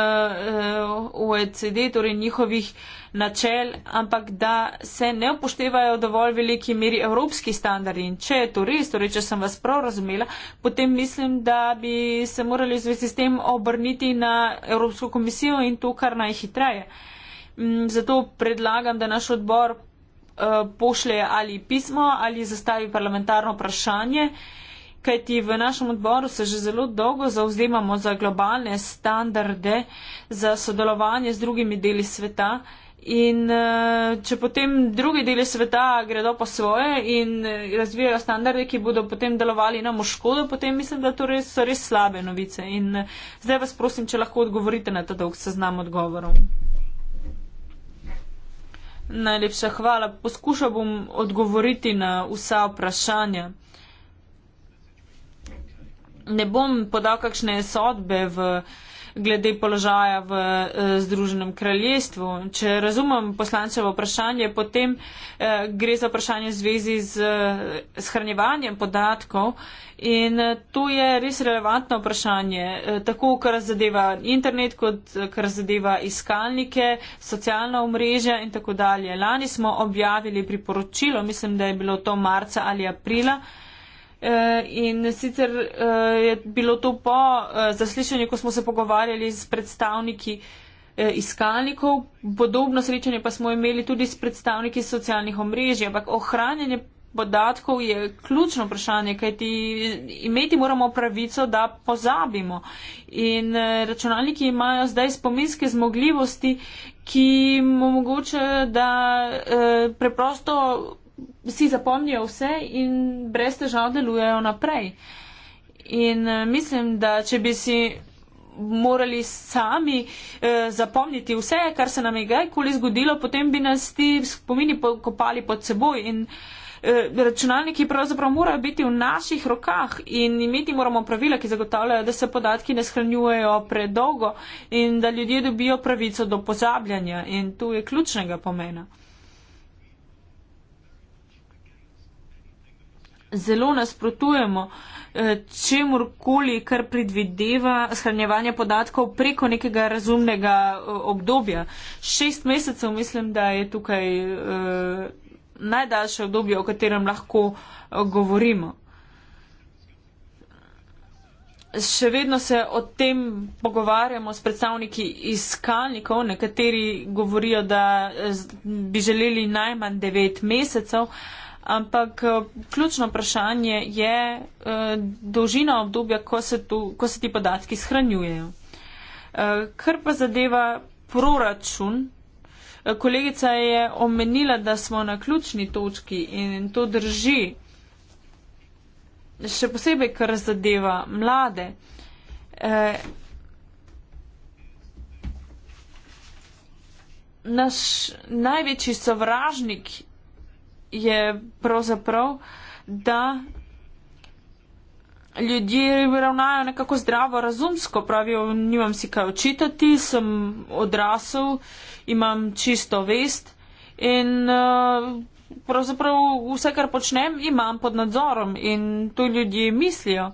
OECD, torej njihovih načel, ampak da se ne upoštevajo v dovolj veliki meri evropski standardi. In če je to res, torej, če sem vas prav razumela, potem mislim, da bi se morali v zvezi s tem obrniti na Evropsko komisijo in to kar najhitreje. Mm, zato predlagam, da naš odbor eh, pošlje ali pismo ali zastavi parlamentarno vprašanje, kajti v našem odboru se že zelo dolgo zauzemamo za globalne standarde, za sodelovanje z drugimi deli sveta. In eh, če potem druge dele sveta gredo po svoje in eh, razvijajo standarde, ki bodo potem delovali na moškodo, potem mislim, da to res, so res slabe novice. In eh, zdaj vas prosim, če lahko odgovorite na ta dolg seznam odgovorov. Najlepša hvala. Poskušal bom odgovoriti na vsa vprašanja. Ne bom podal kakšne sodbe v glede položaja v eh, Združenem kraljestvu. Če razumem poslancevo vprašanje, potem eh, gre za vprašanje zvezi z eh, shranjevanjem podatkov in eh, to je res relevantno vprašanje, eh, tako kar zadeva internet, kot eh, kar zadeva iskalnike, socialna omrežja in tako dalje. Lani smo objavili priporočilo, mislim, da je bilo to marca ali aprila. E, in sicer e, je bilo to po e, zaslišanju, ko smo se pogovarjali s predstavniki iskalnikov, podobno srečanje pa smo imeli tudi s predstavniki socialnih omrežij, ampak ohranjanje podatkov je ključno vprašanje, kajti imeti moramo pravico, da pozabimo. In računalniki imajo zdaj spominske zmogljivosti, ki mu omogočajo, da preprosto si zapomnijo vse in brez težav delujejo naprej. In eh, mislim, da če bi si morali sami eh, zapomniti vse, kar se nam je kajkoli zgodilo, potem bi nas ti spomini pokopali pod seboj. In eh, računalniki pravzaprav morajo biti v naših rokah in imeti moramo pravila, ki zagotavljajo, da se podatki ne shranjujejo predolgo in da ljudje dobijo pravico do pozabljanja. In tu je ključnega pomena. zelo nasprotujemo eh, čemorkoli, kar predvideva shranjevanje podatkov preko nekega razumnega eh, obdobja. Šest mesecev mislim, da je tukaj uh, najdaljše obdobje, o katerem lahko govorimo. Še vedno se o tem pogovarjamo s predstavniki iskalnikov, nekateri govorijo, da bi želeli najmanj devet mesecev. Uh, ampak eh, ključno vprašanje je eh, dolžina obdobja, ko se, tu, ko se ti podatki shranjujejo. Eh, kar pa zadeva proračun, kolegica je omenila, da smo na ključni točki in to drži, še posebej, kar zadeva mlade. Naš največji sovražnik je pravzaprav, da ljudje ravnajo nekako zdravo, razumsko, pravijo, nimam si kaj očitati, sem odrasel, imam čisto vest in eh, pravzaprav vse, kar počnem, imam pod nadzorom in to ljudje mislijo.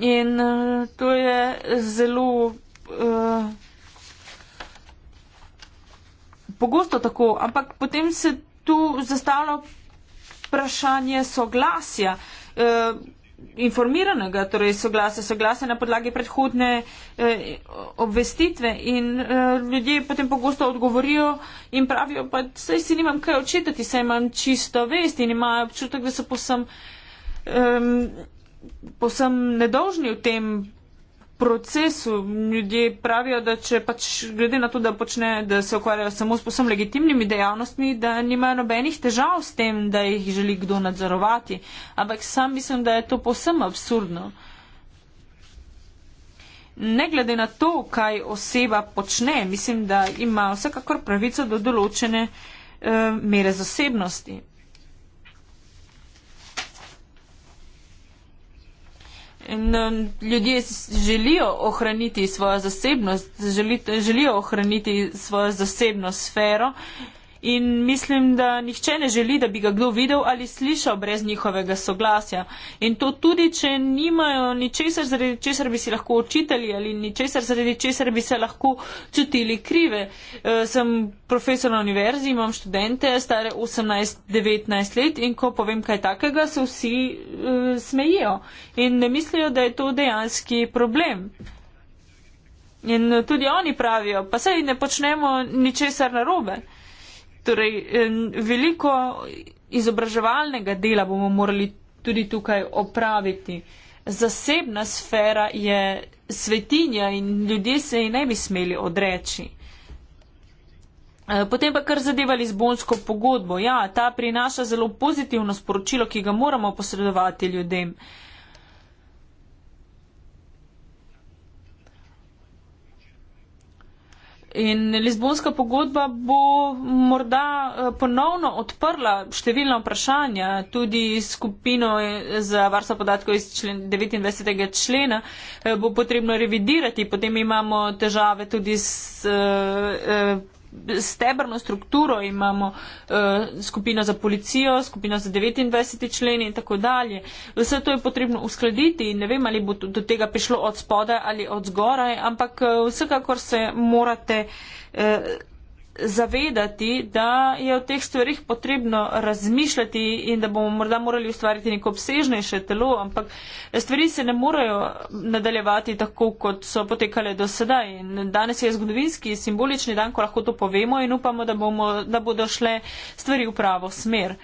In eh, to je zelo. Uh, pogosto tako, ampak potem se tu zastavlja vprašanje soglasja. E, informiranega, torej soglasja, soglasja na podlagi predhodne eh, obvestitve in eh, ljudje potem pogosto odgovorijo in pravijo, pa saj si nimam kaj očitati, saj imam čisto vest in imajo občutek, da so posem, eh, posem nedolžni v tem procesu. Ljudje pravijo, da če pač glede na to, da, počne, da se ukvarjajo samo s posebno legitimnimi dejavnostmi, da nimajo nobenih težav s tem, da jih želi kdo nadzorovati. Ampak sam mislim, da je to posem absurdno. Ne glede na to, kaj oseba počne, mislim, da ima vsekakor pravico do določene uh, mere zasebnosti. In um, ljudje želijo ohraniti svojo zasebnost, želijo ohraniti svojo zasebno sfero. In mislim, da nihče ne želi, da bi ga kdo videl ali slišal brez njihovega soglasja. In to tudi, če nimajo ničesar, zaradi česar bi si lahko očitali ali ničesar, zaradi česar bi se lahko čutili krive. E, sem profesor na univerzi, imam študente, stare 18-19 let in ko povem kaj takega, se vsi e, smejijo in ne mislijo, da je to dejanski problem. In tudi oni pravijo, pa sej ne počnemo ničesar narobe. robe. Torej, veliko izobraževalnega dela bomo morali tudi tukaj opraviti. Zasebna sfera je svetinja in ljudje se ji ne bi smeli odreči. E, potem pa kar zadeva Lizbonsko pogodbo. Ja, ta prinaša zelo pozitivno sporočilo, ki ga moramo posredovati ljudem. Uh, In Lizbonska pogodba bo morda eh, ponovno odprla številna vprašanja, tudi skupino eh, za varstvo podatkov iz člen, 29. člena eh, bo potrebno revidirati. Potem imamo težave tudi s. Eh, stebrno strukturo imamo uh, skupino za policijo, skupino za 29. člen in tako dalje. Vse to je potrebno uskladiti in ne vem, ali bo do tega prišlo od spode ali od zgoraj, ampak uh, vsekakor se morate uh, zavedati, da je o teh stvarih potrebno razmišljati in da bomo morda morali ustvariti neko obsežnejše telo, ampak stvari se ne morejo nadaljevati tako, kot so potekale do sedaj. In danes je zgodovinski simbolični dan, ko lahko to povemo in upamo, da, bomo, da bodo šle stvari v pravo smer.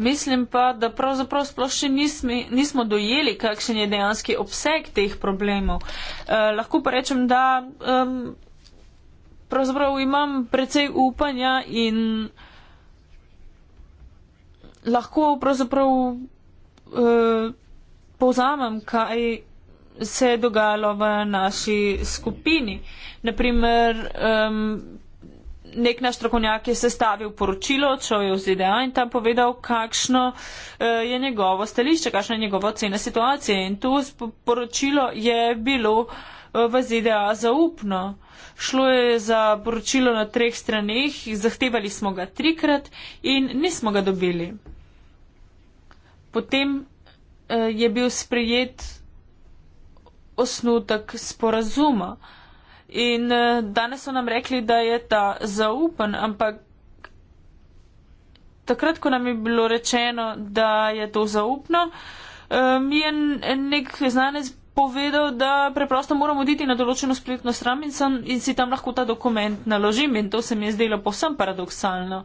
Mislim pa, da pravzaprav sploh še nismi, nismo dojeli, kakšen je dejanski obseg teh problemov. Eh, lahko pa rečem, da eh, pravzaprav imam precej upanja in lahko pravzaprav eh, povzamem, kaj se je dogajalo v naši skupini. Naprimer, eh, nek naš strokovnjak je sestavil poročilo, čel je v ZDA in tam povedal, kakšno eh, je njegovo stališče, kakšna je njegova ocena situacije. In tu poročilo je bilo eh, v ZDA zaupno. Šlo je za poročilo na treh straneh, zahtevali smo ga trikrat in nismo ga dobili. Potem eh, je bil sprejet osnutek sporazuma. In eh, danes so nam rekli, da je ta zaupen, ampak takrat, ko nam je bilo rečeno, da je to zaupno, eh, mi je nek znanec povedal, da preprosto moram oditi na določeno spletno stran in, sem, in si tam lahko ta dokument naložim in to se mi je zdelo povsem paradoksalno.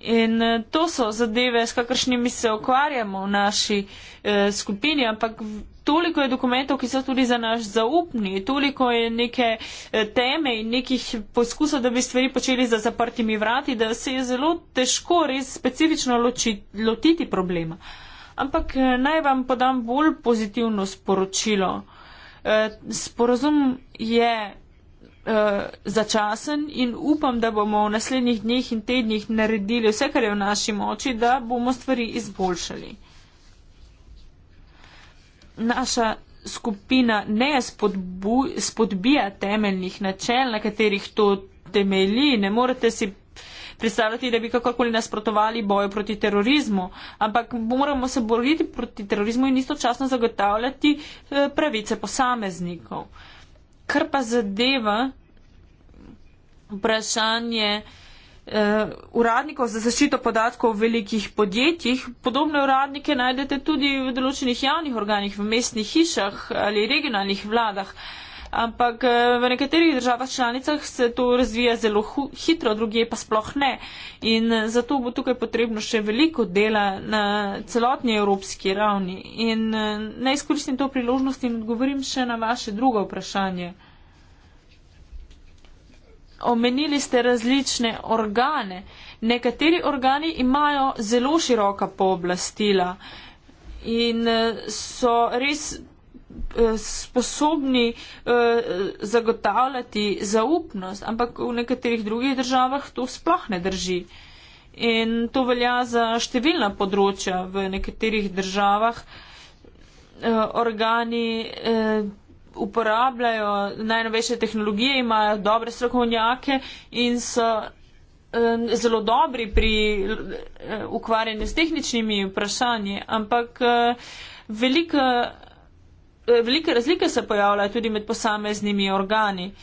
In eh, to so zadeve, s kakršnimi se okvarjamo v naši eh, skupini, ampak toliko je dokumentov, ki so tudi za nas zaupni, toliko je neke eh, teme in nekih poskusov, da bi stvari počeli za zaprtimi vrati, da se je zelo težko res specifično loči, lotiti problema. Ampak eh, naj vam podam bolj pozitivno sporočilo. Eh, sporazum je začasen in upam, da bomo v naslednjih dneh in tednih naredili vse, kar je v naši moči, da bomo stvari izboljšali naša skupina ne spodbija temeljnih načel, na katerih to temelji. Ne morete si predstavljati, da bi kakorkoli nasprotovali boju proti terorizmu, ampak moramo se boriti proti terorizmu in istočasno zagotavljati eh, pravice posameznikov. Kar pa zadeva vprašanje, Eh, uradnikov za zaščito podatkov v velikih podjetjih. Podobne uradnike najdete tudi v določenih javnih organih, v mestnih hišah ali regionalnih vladah. Ampak eh, v nekaterih državah članicah se to razvija zelo hitro, druge pa sploh ne. In eh, zato bo tukaj potrebno še veliko dela na celotni evropski ravni. In naj izkoristim to priložnost in odgovorim še na vaše drugo vprašanje. Uh, omenili ste različne organe. Nekateri organi imajo zelo široka pooblastila in eh, so res eh, sposobni eh, zagotavljati zaupnost, ampak v nekaterih drugih državah to sploh ne drži. In to velja za številna področja v nekaterih državah. Organi uporabljajo najnovejše tehnologije, imajo dobre strokovnjake in so eh, zelo dobri pri eh, ukvarjanju s tehničnimi vprašanji, ampak velika, eh, velika razlika se pojavlja tudi med posameznimi organi.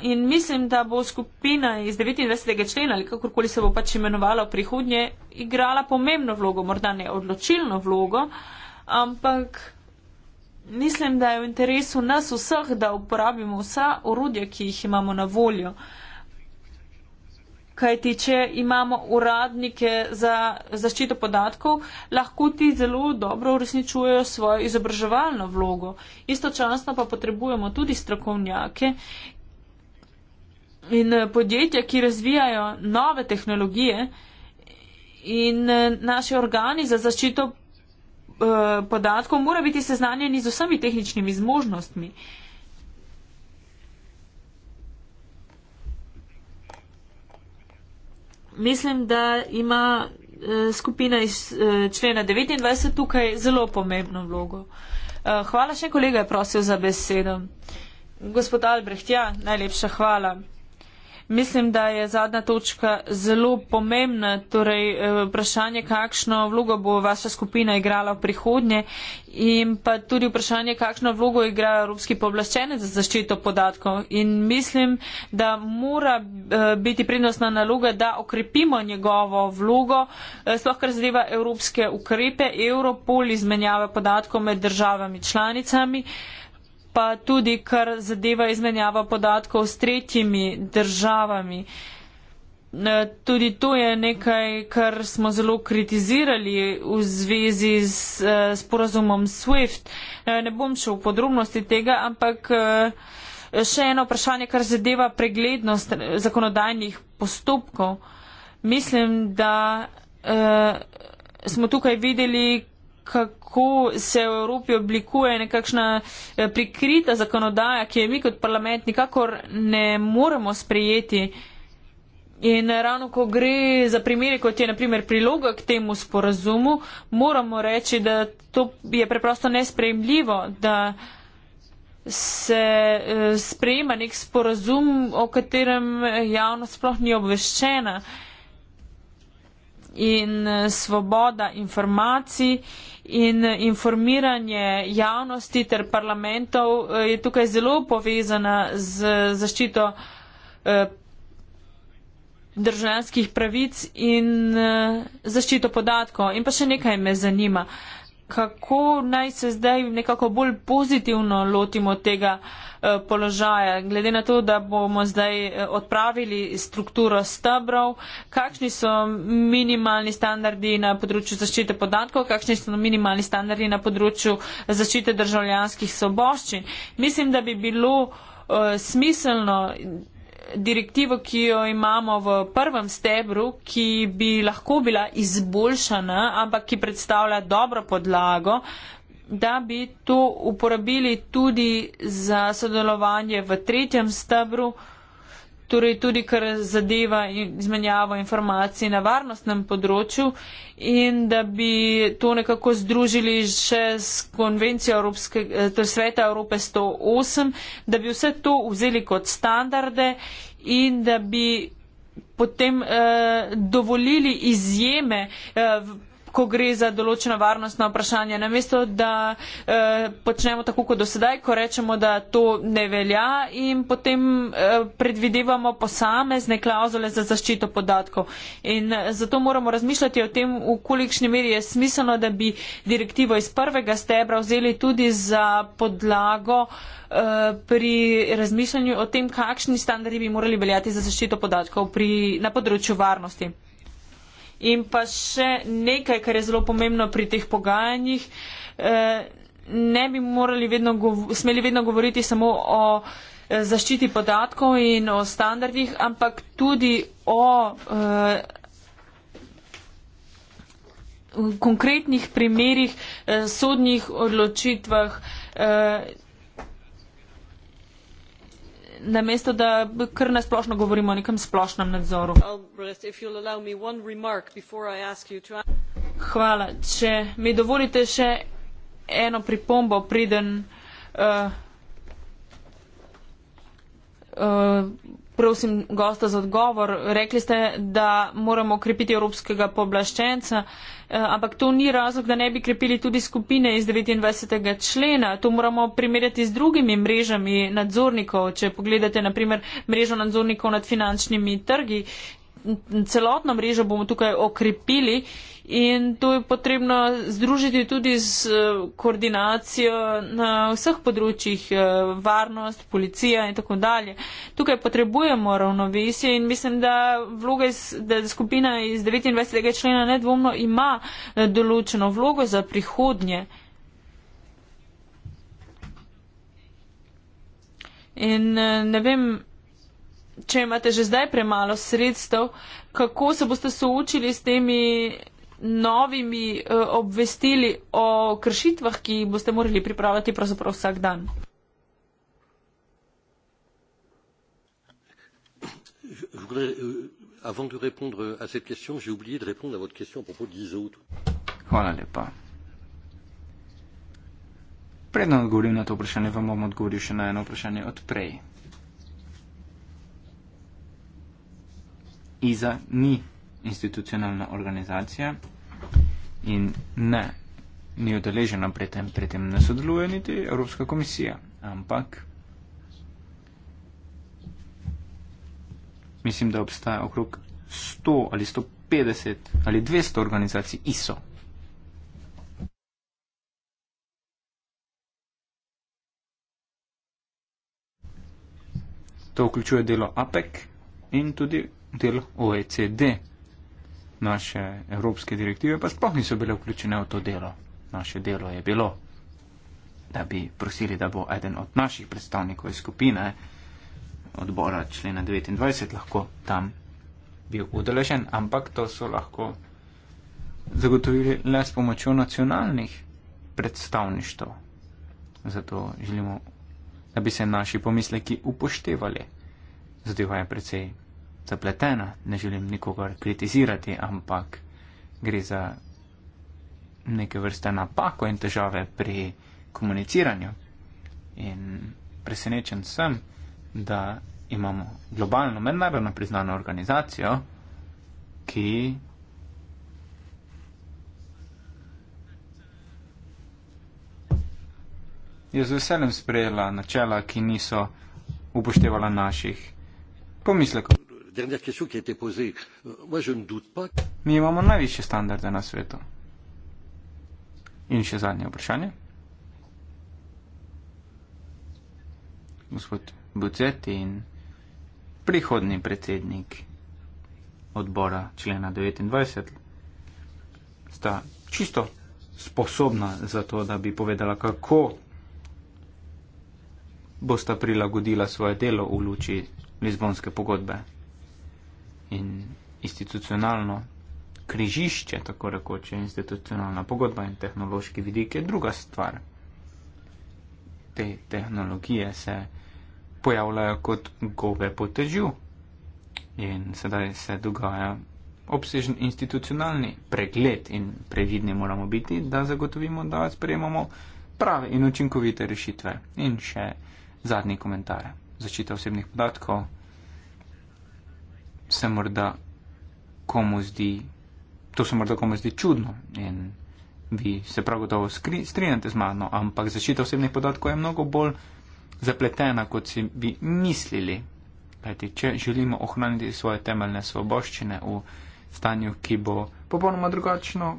In mislim, da bo skupina iz 29. člena ali kakorkoli se bo pač imenovala v prihodnje, igrala pomembno vlogo, morda ne odločilno vlogo, ampak mislim, da je v interesu nas vseh, da uporabimo vsa orodja, ki jih imamo na voljo. Kaj ti, če imamo uradnike za zaščito podatkov, lahko ti zelo dobro uresničujejo svojo izobraževalno vlogo. Istočasno pa potrebujemo tudi strokovnjake in eh, podjetja, ki razvijajo nove tehnologije in eh, naši organi za zaščito Eh, podatkov, mora biti seznanjeni z vsemi tehničnimi zmožnostmi. Mislim, da ima eh, skupina iz eh, člena 29 tukaj zelo pomembno vlogo. Hvala še kolega je prosil za besedo. Gospod Albrecht, ja, najlepša hvala. Mislim, da je zadnja točka zelo pomembna. Torej, eh, vprašanje, kakšno vlogo bo vaša skupina igrala v prihodnje in pa tudi vprašanje, kakšno vlogo igra Evropski povlaščenec za zaščito podatkov. In mislim, da mora eh, biti prednostna naloga, da okrepimo njegovo vlogo, eh, sploh kar zadeva evropske ukrepe, Europol izmenjava podatkov med državami članicami pa tudi kar zadeva izmenjava podatkov s tretjimi državami. E, tudi to je nekaj, kar smo zelo kritizirali v zvezi s e, sporazumom SWIFT. E, ne bom šel v podrobnosti tega, ampak še eno vprašanje, kar zadeva preglednost zakonodajnih postopkov. Mislim, da smo tukaj videli, kako se v Evropi oblikuje nekakšna eh, prikrita zakonodaja, ki je mi kot parlament nikakor ne moremo sprejeti. In ravno ko gre za primere, kot je naprimer priloga k temu sporazumu, moramo reči, da to je preprosto nespremljivo, da se eh, sprejema nek sporazum, o katerem javnost sploh ni obveščena in eh, svoboda informacij in eh, informiranje javnosti ter parlamentov eh, je tukaj zelo povezana z zaščito državljanskih pravic in zaščito podatkov. In pa še nekaj me zanima kako naj se zdaj nekako bolj pozitivno lotimo tega eh, položaja, glede na to, da bomo zdaj eh, odpravili strukturo stebrov, kakšni so minimalni standardi na področju zaščite podatkov, kakšni so minimalni standardi na področju zaščite državljanskih soboščin. Mislim, da bi bilo uh, smiselno direktivo, ki jo imamo v prvem stebru, ki bi lahko bila izboljšana, ampak ki predstavlja dobro podlago, da bi to uporabili tudi za sodelovanje v tretjem stebru, torej tudi kar zadeva izmenjavo informacij na varnostnem področju in da bi to nekako združili še s konvencijo Evropske, eh, to sveta Evrope 108, da bi vse to vzeli kot standarde in da bi potem eh, dovolili izjeme eh, ko gre za določena varnostna vprašanja. Namesto, da e, počnemo tako kot do sedaj, ko rečemo, da to ne velja in potem e, predvidevamo posamezne klauzule za zaščito podatkov. In eh, zato moramo razmišljati o tem, v kolikšni meri je smiselno, da bi direktivo iz prvega stebra vzeli tudi za podlago e, pri razmišljanju o tem, kakšni standardi bi morali veljati za zaščito podatkov pri, na področju varnosti. In pa še nekaj, kar je zelo pomembno pri teh pogajanjih. Eh, ne bi morali vedno, smeli vedno govoriti samo o eh, zaščiti podatkov in o standardih, ampak tudi o eh, konkretnih primerjih, sodnih odločitvah namesto da kar nasplošno govorimo o nekem splošnem nadzoru. Hvala. Če mi dovolite še eno pripombo, preden uh, uh, prosim gosta za odgovor. Rekli ste, da moramo krepiti evropskega poblaščenca, eh, ampak to ni razlog, da ne bi krepili tudi skupine iz 29. člena. To moramo primerjati z drugimi mrežami nadzornikov. Če pogledate, naprimer, mrežo nadzornikov nad finančnimi trgi, celotno mrežo bomo tukaj okrepili In to je potrebno združiti tudi s eh, koordinacijo na vseh področjih, eh, varnost, policija in tako dalje. Tukaj potrebujemo ravnovesje in mislim, da, vloge, da skupina iz 29. člena nedvomno ima eh, določeno vlogo za prihodnje. In ne vem, če imate že zdaj premalo sredstev, kako se boste soočili s temi novimi uh, obvestili o kršitvah, ki jih boste morali pripravljati pravzaprav vsak dan? Euh, Hvala lepa. Preden odgovorim na to vprašanje, vam bom odgovoril še na eno vprašanje od prej. Iza ni institucionalna organizacija in ne, ni odeležena pri tem, pri tem ne sodeluje niti Evropska komisija, ampak mislim, da obstaja okrog 100 ali 150 ali 200 organizacij ISO. To vključuje delo APEC in tudi del OECD naše evropske direktive, pa sploh niso bile vključene v to delo. Naše delo je bilo, da bi prosili, da bo eden od naših predstavnikov iz skupine odbora člena 29 lahko tam bil udeležen, ampak to so lahko zagotovili le s pomočjo nacionalnih predstavništv. Zato želimo, da bi se naši pomisleki upoštevali. Zadeva je precej zapletena, ne želim nikogar kritizirati, ampak gre za neke vrste napako in težave pri komuniciranju. In presenečen sem, da imamo globalno mednarodno priznano organizacijo, ki je z veseljem sprejela načela, ki niso upoštevala naših pomislekov dernière question qui a été posée, euh, moi je ne doute pas. Mi imamo najvišje standarde na svetu. In še zadnje vprašanje. Gospod Bucet in prihodni predsednik odbora člena 29 sta čisto sposobna za to, da bi povedala, kako bosta prilagodila svoje delo v luči Lizbonske pogodbe in institucionalno križišče, tako rekoč, institucionalna pogodba in tehnološki vidik je druga stvar. Te tehnologije se pojavljajo kot gove po težju in sedaj se dogaja obsežen institucionalni pregled in previdni moramo biti, da zagotovimo, da sprejemamo prave in učinkovite rešitve. In še zadnji komentar. Zaščita osebnih podatkov se morda komu zdi, to se morda komu zdi čudno in vi se prav gotovo strinjate z mano, ampak zaščita osebnih podatkov je mnogo bolj zapletena, kot si bi mislili. Kajti, če želimo ohraniti svoje temeljne svoboščine v stanju, ki bo popolnoma drugačno,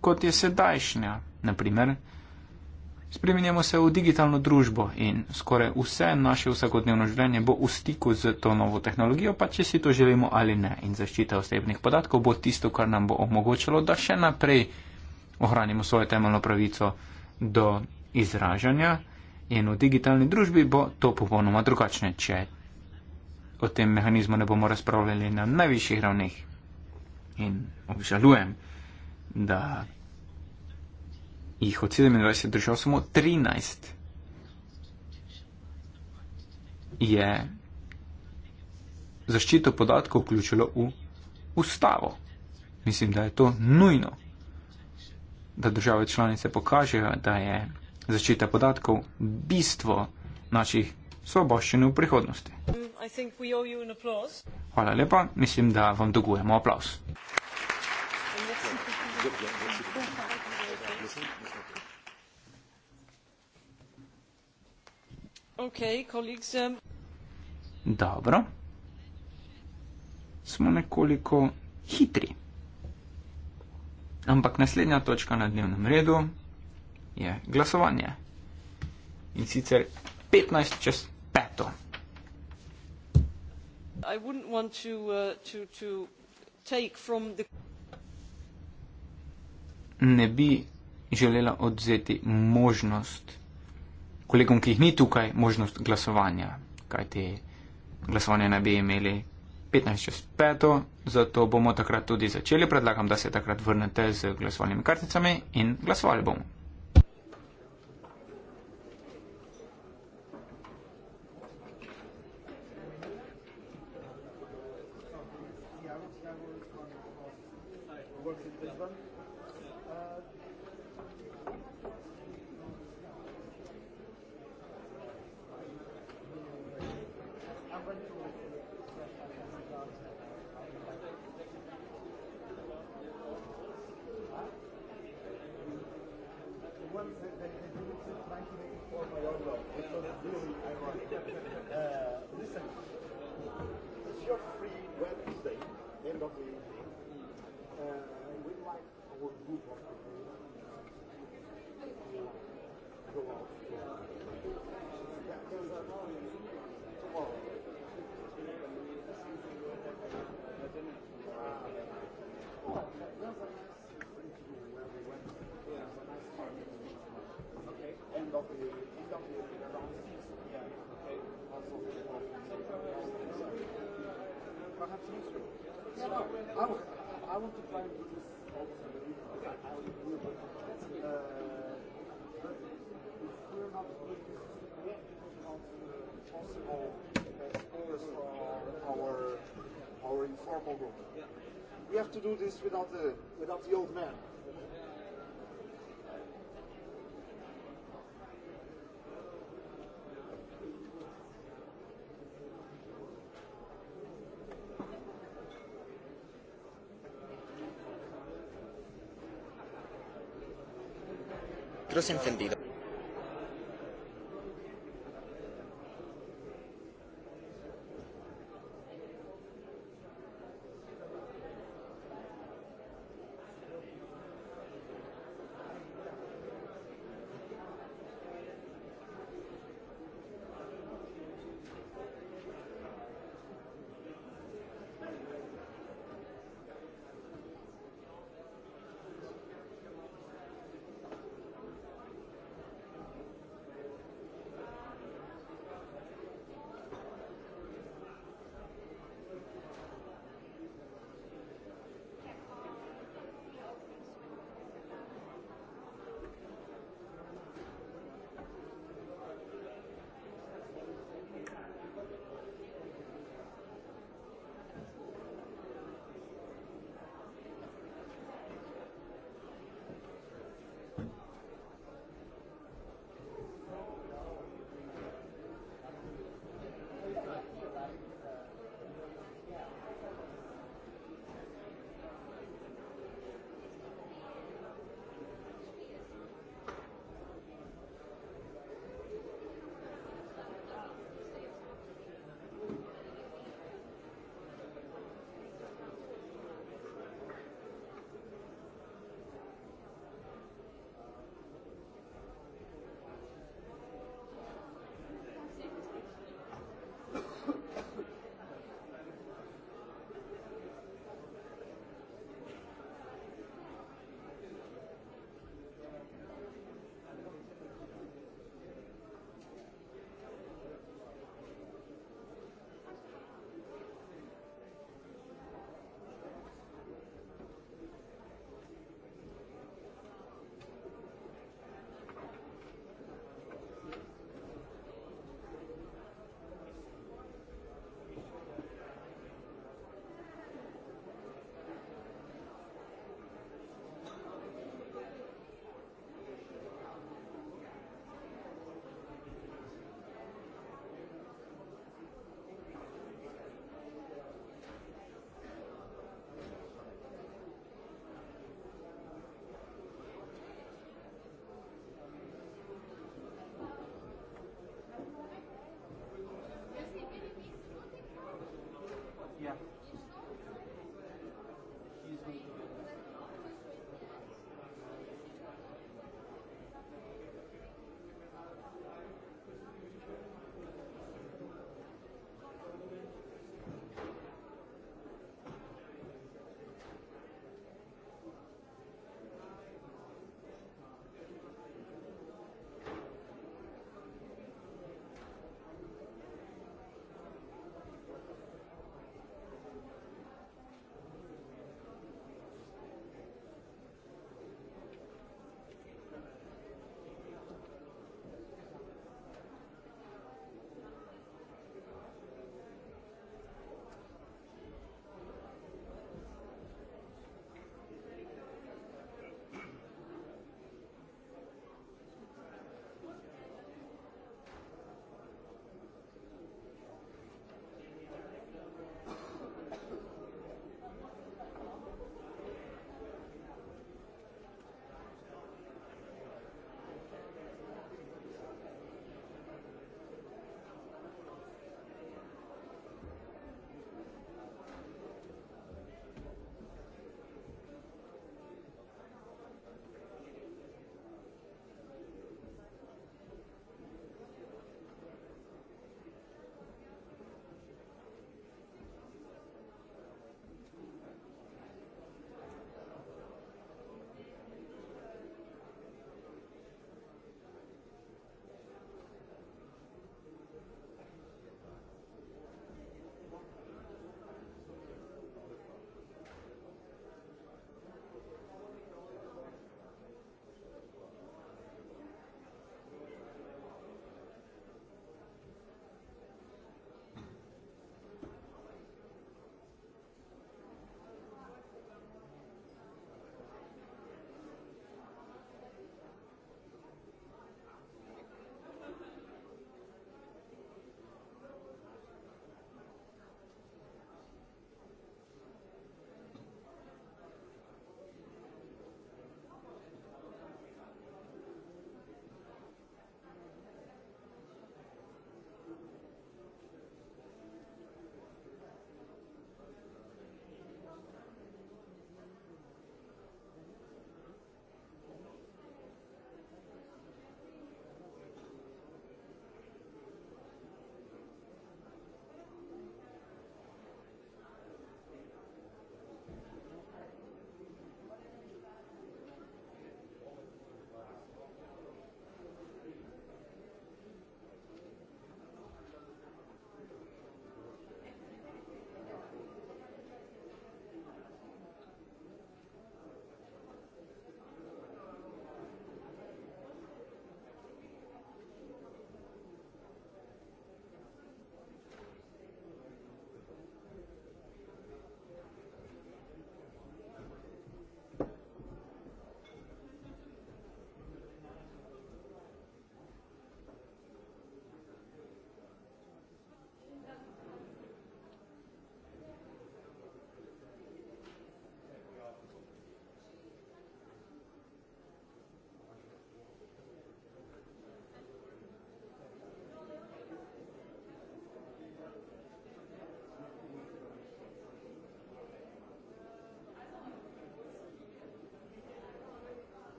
kot je sedajšnja, naprimer, Spreminjamo se v digitalno družbo in skoraj vse naše vsakodnevno življenje bo v stiku z to novo tehnologijo, pa če si to želimo ali ne. In zaščita osebnih podatkov bo tisto, kar nam bo omogočalo, da še naprej ohranimo svojo temeljno pravico do izražanja. In v digitalni družbi bo to popolnoma drugačne, če o tem mehanizmu ne bomo razpravljali na najvišjih ravneh. In obžalujem, da jih od 27 držav samo 13 je zaščito podatkov vključilo v ustavo. Mislim, da je to nujno, da države članice pokažejo, da je zaščita podatkov bistvo naših svoboščin v prihodnosti. Mm, Hvala lepa, mislim, da vam dogujemo aplaus. Um, Dobro. Smo nekoliko hitri. Ampak naslednja točka na dnevnem redu je glasovanje. In sicer 15 čez peto. I wouldn't want to, uh, to, to take from the ne bi želela odzeti možnost kolegom, ki jih ni tukaj, možnost glasovanja, kajti glasovanje ne bi imeli 15 čez 5, zato bomo takrat tudi začeli. Predlagam, da se takrat vrnete z glasovalnimi karticami in glasovali bomo. micros encendido.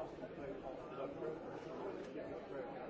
across the plate of the first person to get the program.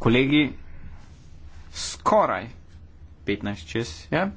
Kolegi, skoraj 15 čez je. Ja?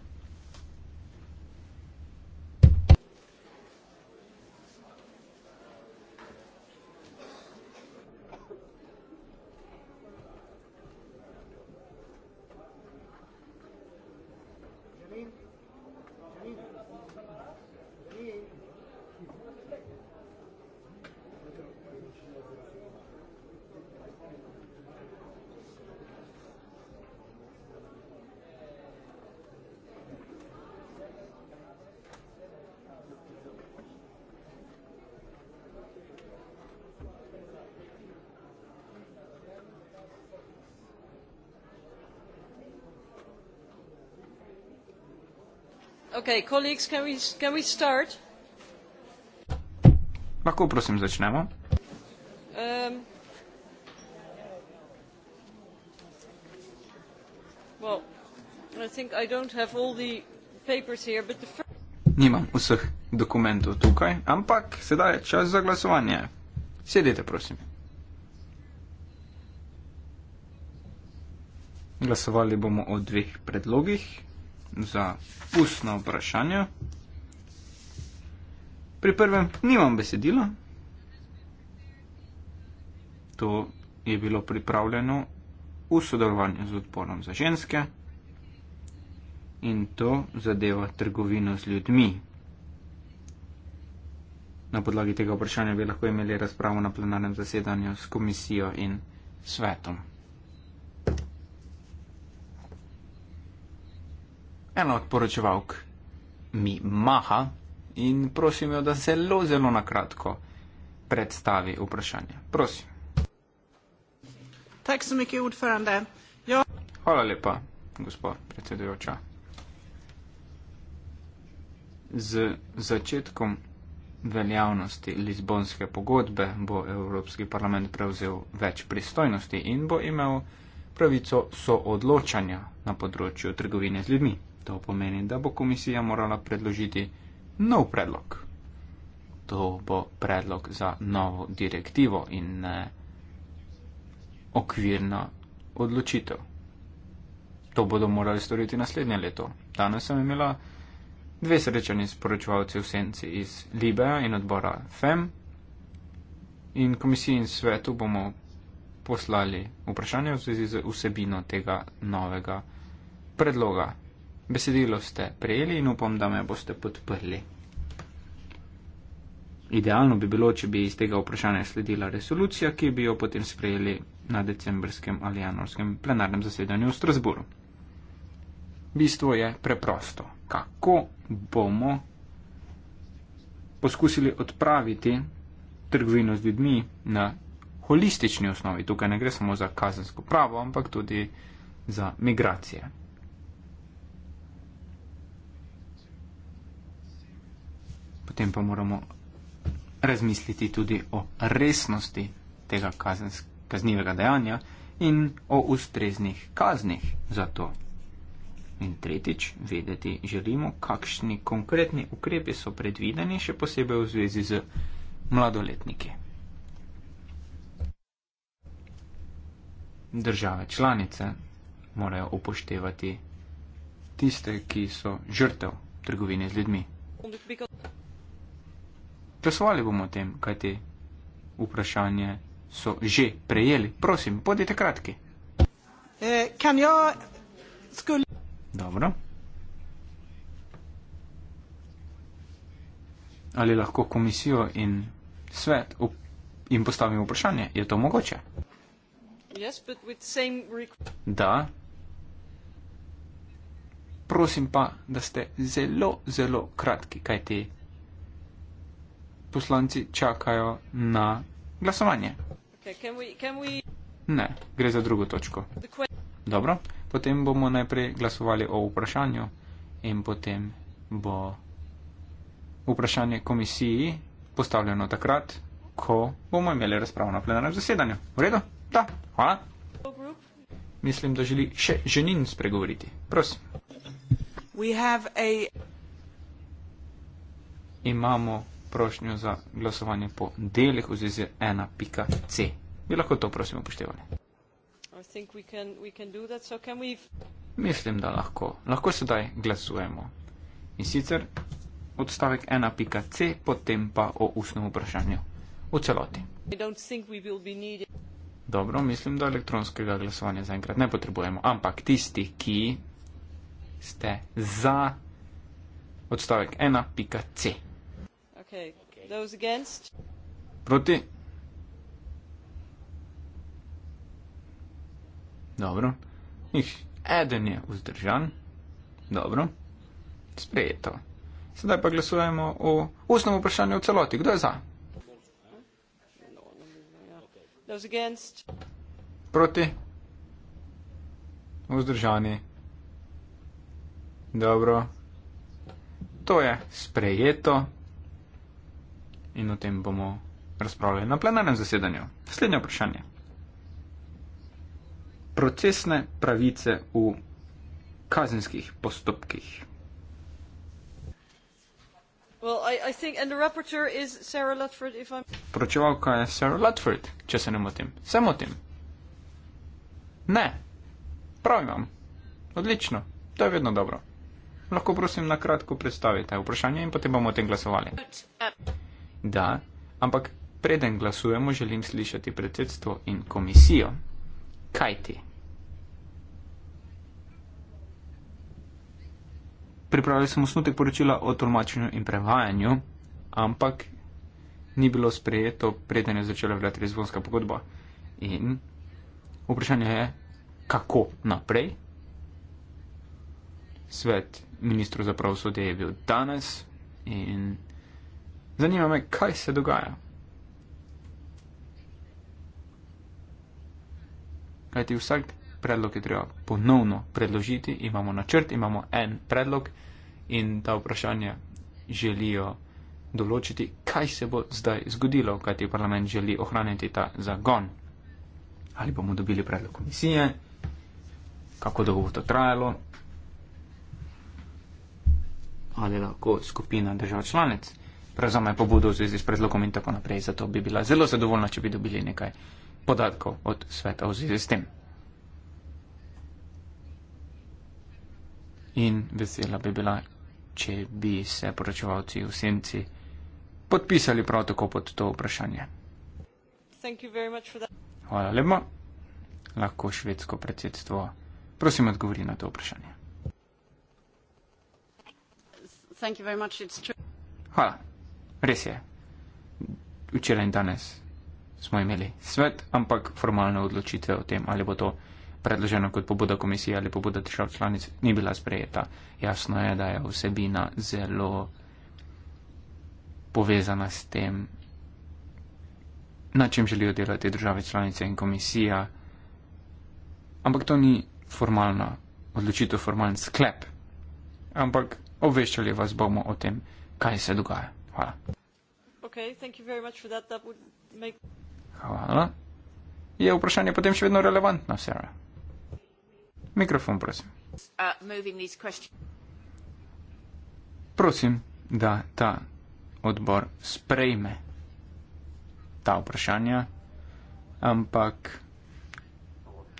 Okay, colleagues, can we can we start? Lahko prosim začnemo. Um, well, I think I don't have all the papers here, but the first Nimam vseh dokumentov tukaj, ampak sedaj je čas za glasovanje. Sedite, prosim. Glasovali bomo o dveh predlogih za ustna vprašanja. Pri prvem nimam besedila. To je bilo pripravljeno v sodelovanju z odporom za ženske in to zadeva trgovino z ljudmi. Na podlagi tega vprašanja bi lahko imeli razpravo na plenarnem zasedanju s komisijo in svetom. Ena od poročevalk mi maha in prosim jo, da zelo, zelo na kratko predstavi vprašanje. Prosim. Hvala lepa, gospod predsedujoča. Z začetkom veljavnosti Lizbonske pogodbe bo Evropski parlament prevzel več pristojnosti in bo imel pravico soodločanja na področju trgovine z ljudmi. To pomeni, da bo komisija morala predložiti nov predlog. To bo predlog za novo direktivo in ne eh, okvirna odločitev. To bodo morali storiti naslednje leto. Danes sem imela dve srečanje s poročevalci v senci iz Libeja in odbora FEM in komisiji in svetu bomo poslali vprašanje v zvezi z vsebino tega novega predloga. Besedilo ste prejeli in upam, da me boste podprli. Idealno bi bilo, če bi iz tega vprašanja sledila resolucija, ki bi jo potem sprejeli na decembrskem ali januarskem plenarnem zasedanju v Strasburu. Bistvo je preprosto. Kako bomo poskusili odpraviti trgovino z ljudmi na holistični osnovi? Tukaj ne gre samo za kazensko pravo, ampak tudi za migracije. potem pa moramo razmisliti tudi o resnosti tega kaznivega dejanja in o ustreznih kaznih za to. In tretjič, vedeti želimo, kakšni konkretni ukrepi so predvideni, še posebej v zvezi z mladoletniki. Države članice morajo upoštevati tiste, ki so žrtev trgovine z ljudmi glasovali bomo o tem, kaj te vprašanje so že prejeli. Prosim, podajte kratki. Eh, ja Dobro. Ali lahko komisijo in svet jim postavimo vprašanje? Je to mogoče? Da. Prosim pa, da ste zelo, zelo kratki, kaj ti poslanci čakajo na glasovanje. Okay, can we, can we... Ne, gre za drugo točko. Dobro, potem bomo najprej glasovali o vprašanju in potem bo vprašanje komisiji postavljeno takrat, ko bomo imeli razpravo na plenarnem zasedanju. V redu? Da, hvala. Mislim, da želi še ženin spregovoriti. Prosim. A... Imamo prošnjo za glasovanje po delih v zvezi 1.c. Bi lahko to prosim upoštevali? So we... Mislim, da lahko. Lahko sedaj glasujemo. In sicer odstavek 1.c, potem pa o ustnem vprašanju. V celoti. Dobro, mislim, da elektronskega glasovanja zaenkrat ne potrebujemo. Ampak tisti, ki ste za odstavek 1.c. Okay. Those against? Proti? Dobro. Niš, eden je vzdržan. Dobro. Sprejeto. Sedaj pa glasujemo o ustnem vprašanju v celoti. Kdo je za? Proti? Vzdržani. Dobro. To je sprejeto in o tem bomo razpravljali na plenarnem zasedanju. Naslednje vprašanje. Procesne pravice v kazenskih postopkih. Well, I, I think, and the rapporteur is Sarah Lutford, if I'm... Pročevalka je Sarah Lutford, če se ne motim. Se motim. Ne. Prav imam. Odlično. To je vedno dobro. Lahko prosim na kratko predstavite vprašanje in potem bomo o tem glasovali. But, uh... Da, ampak preden glasujemo, želim slišati predsedstvo in komisijo. Kaj ti? Pripravili smo osnutek poročila o tolmačenju in prevajanju, ampak ni bilo sprejeto, preden je začela vrati rezvonska pogodba. In vprašanje je, kako naprej? Svet ministrov za pravosodje je bil danes in. Zanima me, kaj se dogaja. Kajti vsak predlog je treba ponovno predložiti, imamo načrt, imamo en predlog in ta vprašanja želijo določiti, kaj se bo zdaj zgodilo, kajti parlament želi ohraniti ta zagon. Ali bomo dobili predlog komisije, kako dolgo bo to trajalo, ali lahko skupina držav članic prevzame pobudo v zvezi s predlogom in tako naprej. Zato bi bila zelo zadovoljna, če bi dobili nekaj podatkov od sveta v zvezi s tem. In vesela bi bila, če bi se poročevalci v senci podpisali prav tako pod to vprašanje. Hvala lepa. Lahko švedsko predsedstvo. Prosim, odgovori na to vprašanje. Hvala. Res je. Včeraj in danes smo imeli svet, ampak formalne odločitve o tem, ali bo to predloženo kot pobuda komisije ali pobuda držav članic, ni bila sprejeta. Jasno je, da je vsebina zelo povezana s tem, na čem želijo delati države članice in komisija, ampak to ni formalna odločitev, formalen sklep. Ampak obveščali vas bomo o tem, kaj se dogaja. Hvala. Okay, thank you very much for that. That would make... Hvala. Je vprašanje potem še vedno relevantno, Sarah? Mikrofon, prosim. Uh, prosim, da ta odbor sprejme ta vprašanja, ampak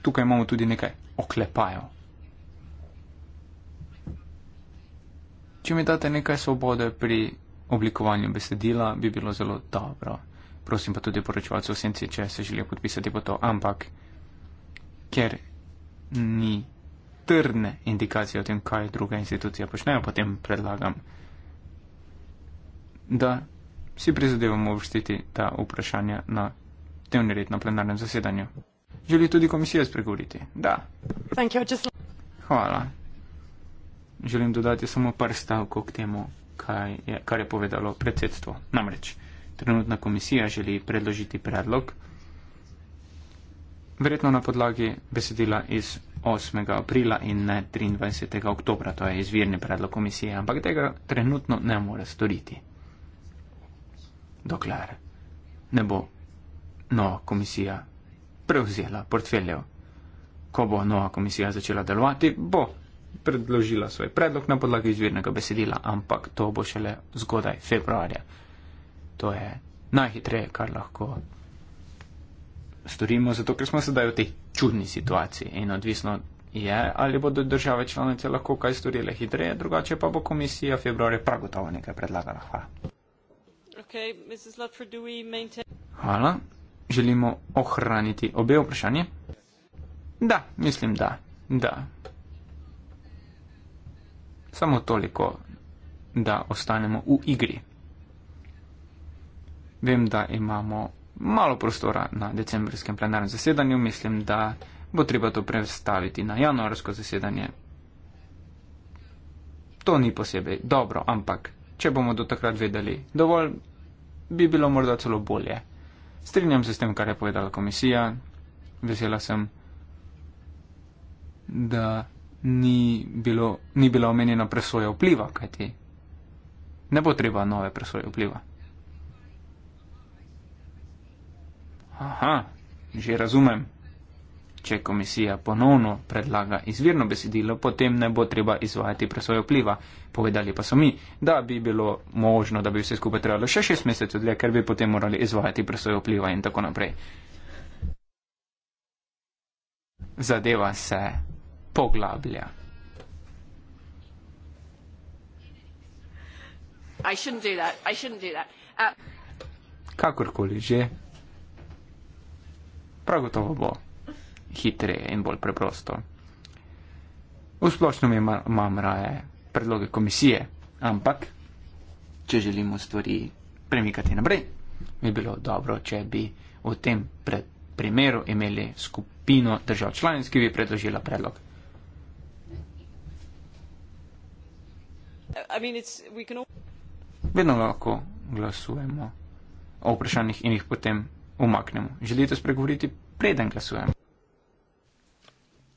tukaj imamo tudi nekaj oklepajev. Če mi date nekaj svobode pri oblikovanju besedila bi bilo zelo dobro. Prosim pa tudi poročevalce v senci, če se želijo podpisati po to, ampak ker ni trdne indikacije o tem, kaj druga institucija počnejo, potem predlagam, da si prizadevamo uvrstiti ta vprašanja na dnevni red na plenarnem zasedanju. Želi tudi komisija spregovoriti? Da. Hvala. Želim dodati samo par stavkov k temu kaj je, kar je povedalo predsedstvo. Namreč, trenutna komisija želi predložiti predlog, verjetno na podlagi besedila iz 8. aprila in ne 23. oktobra, to je izvirni predlog komisije, ampak tega trenutno ne more storiti, dokler ne bo nova komisija prevzela portfeljev. Ko bo nova komisija začela delovati, bo predložila svoj predlog na podlagi izvirnega besedila, ampak to bo šele zgodaj februarja. To je najhitreje, kar lahko storimo, zato ker smo sedaj v tej čudni situaciji in odvisno je, ali bodo države članice lahko kaj storile hitreje, drugače pa bo komisija februarja pragotovo nekaj predlagala. Hvala. Okay, Lutford, maintain... Hvala. Želimo ohraniti obe vprašanje? Da, mislim da. Da. Samo toliko, da ostanemo v igri. Vem, da imamo malo prostora na decembrskem plenarnem zasedanju, mislim, da bo treba to prestaviti na januarsko zasedanje. To ni posebej dobro, ampak če bomo do takrat vedeli dovolj, bi bilo morda celo bolje. Strinjam se s tem, kar je povedala komisija. Vesela sem, da ni, bilo, ni bila omenjena presoja vpliva, kajti ne bo treba nove presoje vpliva. Aha, že razumem. Če komisija ponovno predlaga izvirno besedilo, potem ne bo treba izvajati presoje vpliva. Povedali pa so mi, da bi bilo možno, da bi vse skupaj trebalo še šest mesecev dlje, ker bi potem morali izvajati presoje vpliva in tako naprej. Zadeva se poglablja. Uh, Kakorkoli že, prav gotovo bo hitreje in bolj preprosto. V splošnem imam raje predloge komisije, ampak če želimo stvari premikati naprej, bi bilo dobro, če bi v tem primeru imeli skupino držav članic, ki bi predložila predlog. Vedno lahko glasujemo o vprašanjih in jih potem umaknemo. Želite spregovoriti, preden glasujemo?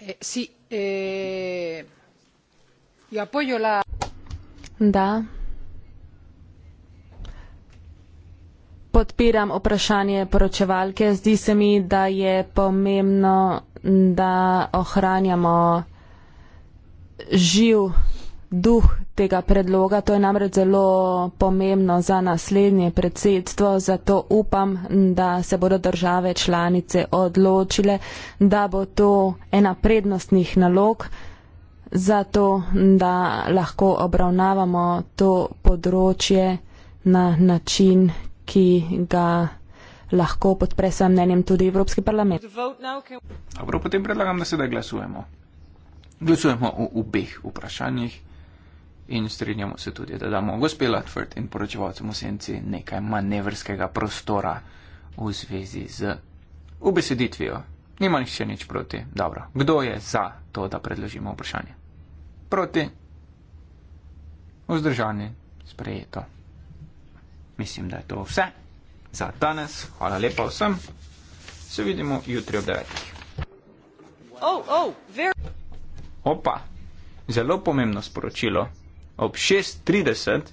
Eh, si, eh, ja, pojola. Da. Podpiram vprašanje poročevalke. Zdi se mi, da je pomembno, da ohranjamo živ duh tega predloga. To je namreč zelo pomembno za naslednje predsedstvo, zato upam, da se bodo države članice odločile, da bo to ena prednostnih nalog, zato da lahko obravnavamo to področje na način, ki ga lahko podpre sam mnenjem tudi Evropski parlament. Dobro, potem predlagam, da sedaj glasujemo. Glasujemo o obeh vprašanjih in strinjamo se tudi, da damo gospe Latford in poročevalcem v senci nekaj manevrskega prostora v zvezi z ubeseditvijo. Nima nihče nič proti. Dobro, kdo je za to, da predložimo vprašanje? Proti. Vzdržani. Sprejeto. Mislim, da je to vse za danes. Hvala lepa vsem. Se vidimo jutri ob 9. Opa, zelo pomembno sporočilo ob 6.30